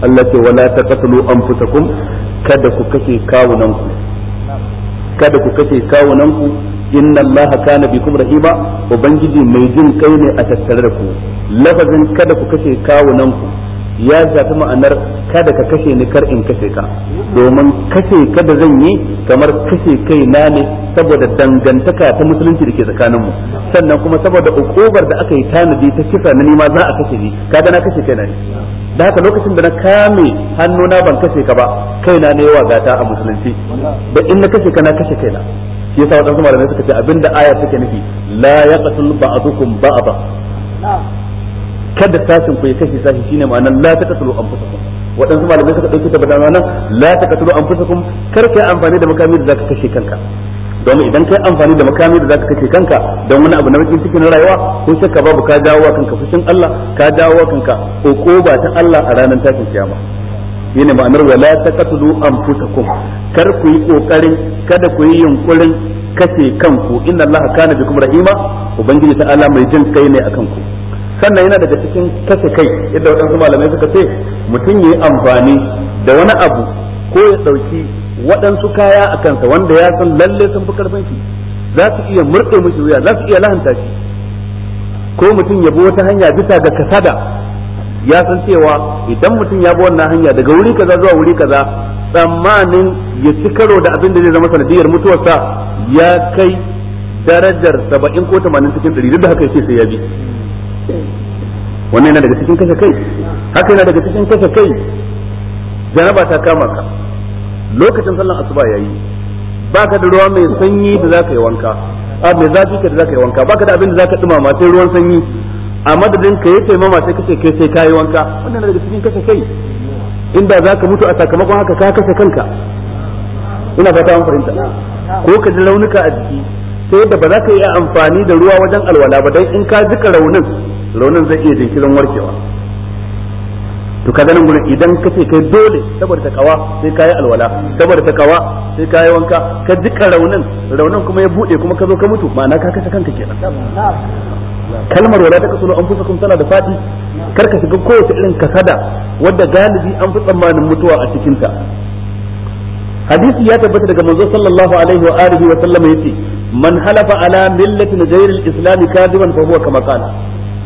Allah ce wala taqtulu anfusakum kada ku kace kawunanku kada ku kace kawunanku inna Allah kana bikum rahima ubangiji mai jin kai ne a tattare da ku lafazin kada ku kace kawunanku ya zafi ma'anar kada ka kashe ni kar in kashe ka domin kashe kada zan yi kamar kashe kai na ne saboda dangantaka ta musulunci da ke tsakanin mu sannan kuma saboda ukubar da aka yi tanadi ta kisa na nima za a kashe ni kaga na kashe kai na ne da haka lokacin da na kame hannuna ban kashe ka ba kaina ne yawa gata a musulunci da in na kashe ka na kashe kaina shi yasa wadansu malamai suka ce abinda aya take nufi la yaqtul ba'dukum ba'da kada sashin ku ya kashe sashi shine ma'anar la taqtulu anfusakum wadansu malamai suka dauke ta badana nan la taqtulu anfusakum kar ka amfani da makami da zaka kashe kanka domin idan kai amfani da makami da zaka kace kanka don wani abu na bakin ciki na rayuwa ko shakka babu ka dawo kanka fushin Allah ka dawo kanka ba ta Allah a ranar tashin kiyama yene ma'anar wala taqtulu anfusakum kar ku yi kokarin kada ku yi yunkurin kace kanku inna Allah kana bikum rahima ubangiji ta Allah mai jin kai ne akan ku sannan yana daga cikin kace kai yadda wadansu malamai suka ce mutum yi amfani da wani abu ko ya dauki waɗansu kaya a kansa wanda ya san lalle sun fi karfin shi za su iya murɗe mishi wuya za su iya lahanta shi ko mutum ya bi wata hanya bisa ga kasada ya san cewa idan mutum ya bi wannan hanya daga wuri kaza zuwa wuri kaza tsammanin ya ci karo da abin da zai zama sanadiyar mutuwarsa ya kai darajar saba'in ko tamanin cikin ɗari duk da haka yake sai ya bi wannan yana daga cikin kashe kai haka yana daga cikin kashe kai janaba ta kama ka lokacin sallan asuba yayi baka da ruwa mai sanyi da zaka yi wanka a mai zafi ka da zaka yi wanka baka da abin da zaka dumama sai ruwan sanyi a madadin ka yi taimama sai kace kai sai kai wanka wannan daga cikin kashe kai inda zaka mutu a sakamakon haka ka kasa kanka ina fata an fahimta ko ka ji raunuka a jiki sai da ba za ka yi amfani da ruwa wajen alwala ba dai in ka jika raunin raunin zai iya jinkirin warkewa to kaga nan gurin idan ka ce kai dole saboda ta kawa sai kayi alwala saboda ta kawa sai kai wanka ka jika raunin raunin kuma ya bude kuma ka zo ka mutu ma'ana ka kashe kanka kenan kalmar wala ta kasu an fusa kuma tana da fadi kar ka shiga kowace irin kasada wadda galibi an fi tsammanin mutuwa a cikin ta hadisi ya tabbata daga manzo sallallahu alaihi wa alihi wa sallama yace man halafa ala millati ghayri islam kadiban fa huwa kama kana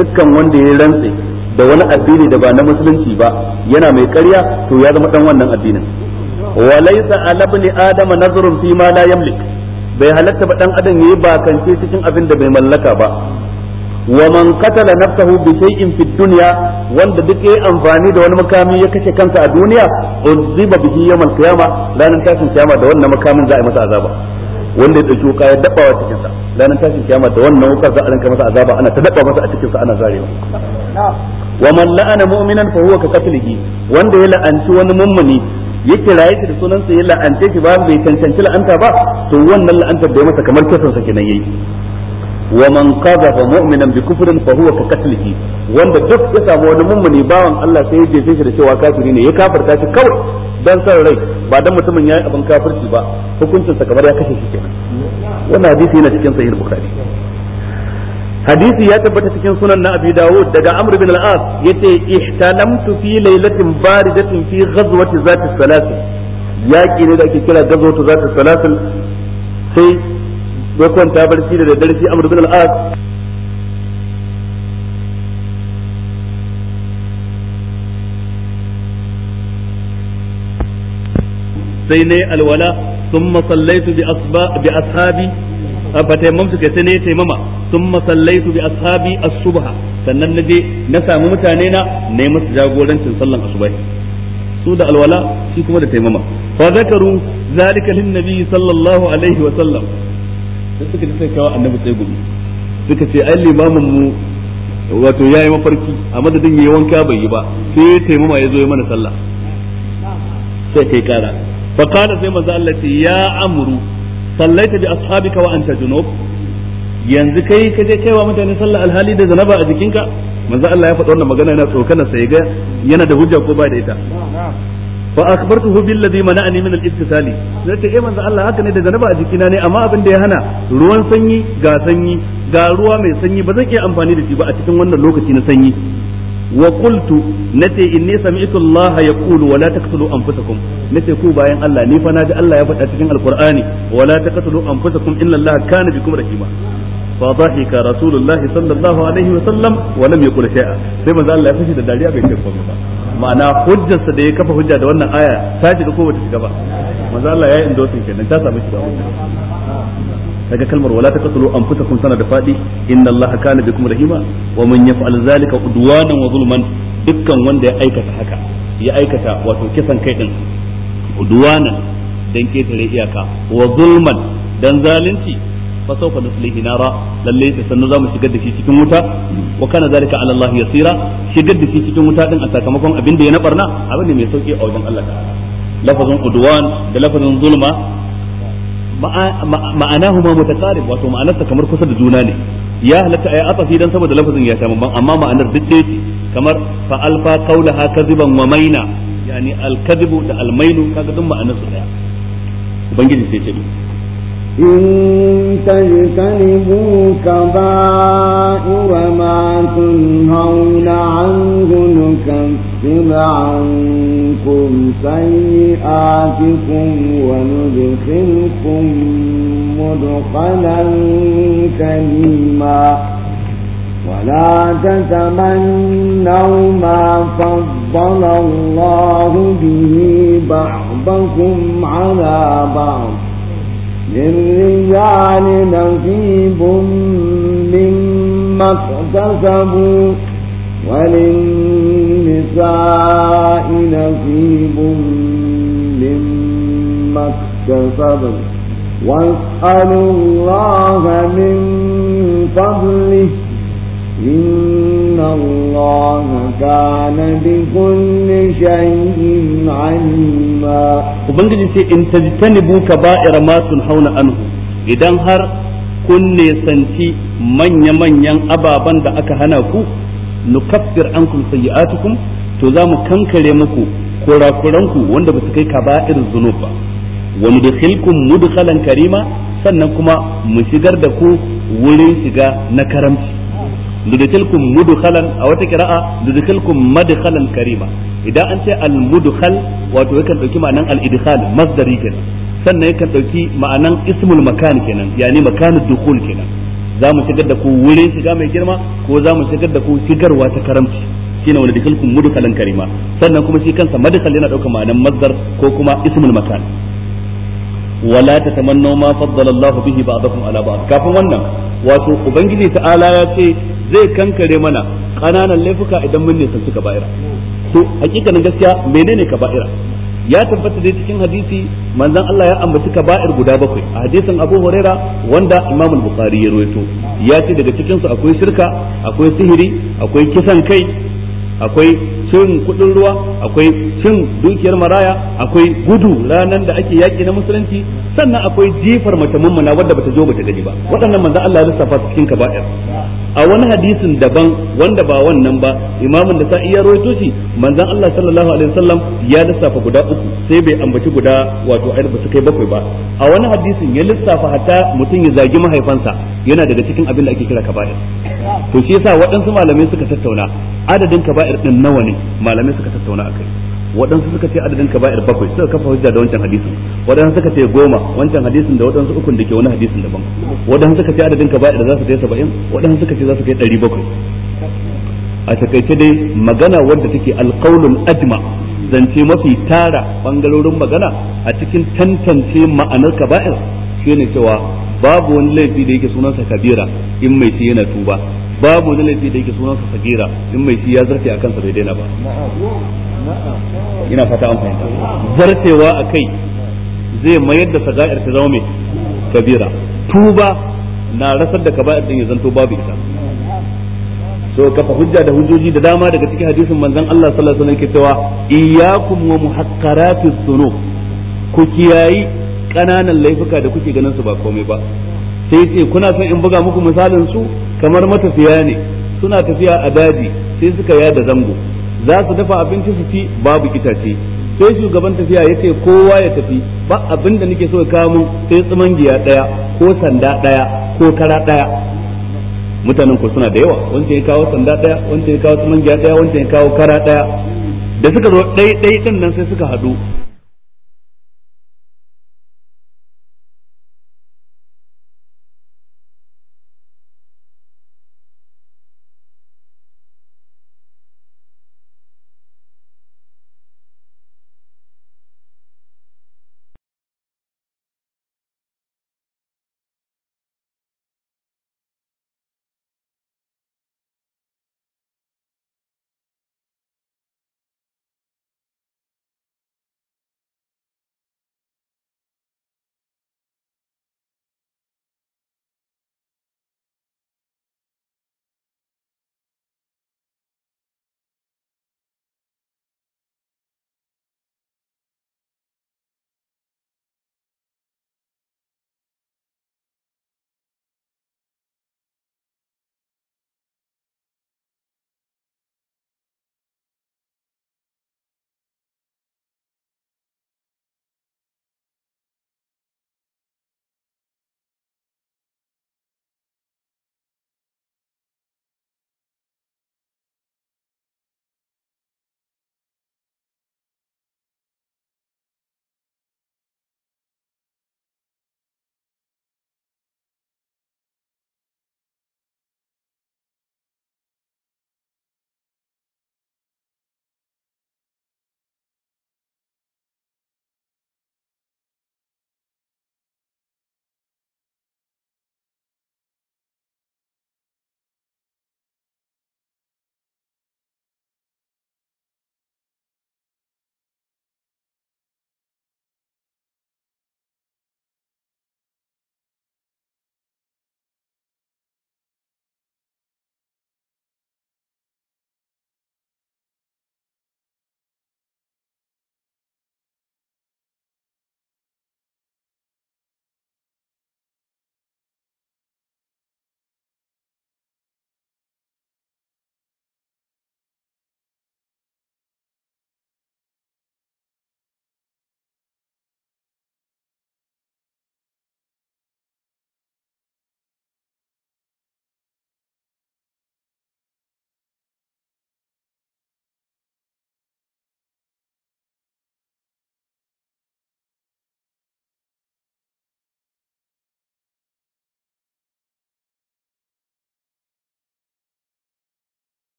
dukkan wanda ya rantse da wani addini da ba na musulunci ba yana mai ƙarya to ya zama dan wannan addinin wa laysa ala adama nazrun fi ma la yamlik bai halatta ba dan adam yayi kance cikin abin da bai mallaka ba wa man qatala nafsahu bi shay'in fi dunya wanda duk yayi amfani da wani makami ya kashe kansa a duniya uzziba bihi yawm al qiyamah ranar tashin kiyama da wannan makamin za a yi masa azaba wanda ya dauki wuka ya dabawa cikin sa ranar tashin kiyama da wannan wukar za a rinka masa azaba ana ta daba masa a cikin sa ana zarewa wa man la'ana mu'minan fa huwa ka qatlihi wanda ya la'anci wani mummuni ya kiraye shi da sunan sa ya la'ance shi ba bai cancanci la'anta ba to wannan la'antar da ya masa kamar kisan sa kenan yayi wa man qadha mu'minan bi kufrin fa huwa ka qatlihi wanda duk ya samu wani mummuni bawan Allah sai ya jefe shi da cewa kafiri ne ya kafirta shi kawai dan san rai ba dan mutumin yayi abin kafirci ba hukuncin sa kamar ya kashe shi kenan wannan hadisi yana cikin sahih bukhari hadisi ya tabbata cikin sunan na abi dawud daga amr bin al-as yace ihtalamtu fi laylatin baridatin fi ghazwati zati salasil yaki ne da ake kira ghazwatu zati salasil sai bai kwanta barci da daddare shi amr bin al-as sai nayi alwala thumma sallaitu bi asba bi ashabi fa tayammamtu kai sai nayi tayammama thumma sallaitu bi ashabi as-subha sannan naje na samu mutane na nayi musu jagorancin sallan asubai su da alwala shi kuma da tayammama fa zakaru zalika lin nabi sallallahu alaihi wa sallam sai suka ji sai kawo annabi sai gumi suka ce ai limamin mu wato ya yi mafarki a madadin yi wanka bai yi ba sai taimama ya zo ya mana sallah sai kai kara فقال زي sai manzo Allah ce ya amru sallaita bi ashabika wa anta junub yanzu kai ka je kaiwa mutane sallah alhali da zanaba a jikinka manzo Allah ya faɗa wannan magana yana tsokana sai ga yana da hujja ko ba da ita fa akhbartuhu bil ladhi mana'ani min al-ittisali nace eh manzo Allah haka ne da zanaba a jikina ne amma abin da ya hana ruwan sanyi ga sanyi ga ruwa mai sanyi ba zan iya amfani da shi ba a cikin wannan lokaci na sanyi wa qultu nace inni sami'tu Allah yaqulu wala taqtulu anfusakum nace ku bayan Allah ni fa naji Allah ya faɗa cikin alqur'ani wala taqtulu anfusakum inna Allah kana bikum rahima fa dhahika rasulullah sallallahu alaihi wa sallam wa lam yaqul shay'a sai manzo Allah ya fashi da dariya bai ce komai ba ma'ana hujjarsa da ya kafa hujja da wannan aya ta shiga ko bata shiga ba manzo Allah ya yi indosin kenan ta samu shiga hujja daga kalmar wala taqtulu kun sana da faɗi inna allaha kana bikum rahima wa man yaf'al alzalika udwanan wa zulman dukkan wanda ya aikata haka ya aikata wato kisan kai din udwanan dan ketare iyaka wa zulman dan zalunci fa sawfa nuslihi nara lalle ta sannu zamu shigar da shi cikin wuta wa kana zalika ala allah yasira shigar da shi cikin wuta din a sakamakon abin da ya na barna abin ne mai sauki a wajen Allah ta'ala lafazin udwan da lafazin zulma ma'anahu ma mutaqarib wato ma'anarsa kamar kusa da juna ne ya halatta ayi atafi dan saboda lafazin ya sha mamban amma ma'anar duk kamar fa alfa ha kadiban wa maina yani al kadibu da al mainu kaga duk ma'anarsu daya ubangiji sai ce إن تجتنبوا كبائر ما تنهون عنه نكفر عنكم سيئاتكم وندخلكم مدخلا كريما ولا تتمنوا ما فضل الله به بعضكم على بعض للرجال نصيب مما اكتسبوا وللنساء نصيب مما اكتسبوا واسألوا الله من فضله إن الله كان بكل شيء علما وبنجي سي إن تجتنبوا كبائر ما تنحون عنه إذا هر kun nesanci manya-manyan ababen da aka hana ku nukaffir ankum sayyi'atukum to za mu kankare muku kurakuranku wanda ba su kai kaba'ir zunub ba wa mudkhilkum mudkhalan karima sannan kuma mu shigar da ku wurin shiga na karamci ludkhilkum mudkhalan a wata qira'a ludkhilkum madkhalan karima idan an ce al mudkhal wato yakan dauki ma'anan al idkhal masdari kenan sannan yakan dauki ma'anan ismul makan kenan yani makanud dukhul kenan za mu shigar da ku wurin shiga mai girma ko za mu shigar da ku shigarwa ta karamci shine wani dukkan mudkhalan karima sannan kuma shi kansa madkhal yana daukar ma'anan masdar ko kuma ismul makan wala tatamannu ma faddala Allahu bihi ba'dakum ala ba'd kafin wannan wato ubangiji ta'ala ya ce zai kankare mana ƙananan laifuka idan mun nisanci kaba'ira to hakikanin gaskiya menene kaba'ira ya tabbata dai cikin hadisi manzon Allah ya ambaci kaba'ir guda bakwai a hadisin Abu Huraira wanda Imam Bukhari ya rawaito ya ce daga cikin su akwai shirka akwai sihiri akwai kisan kai akwai cin kudin ruwa akwai cin dukiyar maraya akwai gudu ranar da ake yaki na musulunci sannan akwai jifar mace mummuna wadda bata zo bata gani ba waɗannan manzo Allah ya lissafa cikin kaba'ir a wani hadisin daban wanda ba wannan ba imamin da sa iya rawaito shi manzon Allah sallallahu alaihi wasallam ya lissafa guda uku sai bai ambaci guda wato ayar ba su kai bakwai ba a wani hadisin ya lissafa hatta mutum ya zagi mahaifansa yana daga cikin abin da ake kira kaba'ir to shi yasa waɗansu malamai suka tattauna adadin kaba'ir din nawa ne malamai suka tattauna a kai waɗansu suka ce adadin kaba'ir bakwai suka kafa hujja da wancan hadisin waɗansu suka ce goma wancan hadisin da waɗansu ukun da ke wani hadisin daban waɗansu suka ce adadin kaba'ir za su kai saba'in waɗansu suka ce za su kai ɗari bakwai a takaice dai magana wadda take alƙaulul ajma zance mafi tara ɓangarorin magana a cikin tantance ma'anar kaba'ir shine cewa babu wani laifi da yake sunansa kabira in mai shi yana tuba babu wani laifi da yake sunansa sagira in mai shi ya zarce a kansa bai daina ba ina fata an fahimta zartewa a kai zai mayar da sagayar ta zama mai kabira tuba na rasar da kaba'ir din ya zanto babu ita so kafa hujja da hujjoji da dama daga cikin hadisin manzon Allah sallallahu alaihi wasallam ke cewa iyyakum wa muhaqqaratiz zunub ku kiyayi kananan laifuka da kuke ganin su ba komai ba sai sai kuna son in buga muku misalin su kamar matafiya ne suna tafiya a daji sai suka yada zango za su dafa abinci su ci babu itace sai shugaban tafiya ya ce kowa ya tafi ba abin da nake so kawo mun sai tsumangiya daya ko sanda daya ko kara daya mutanen ku suna da yawa wancan ya kawo sanda daya wancan ya kawo tsumangiya daya wancan ya kawo kara daya da suka zo ɗai ɗai ɗin nan sai suka haɗu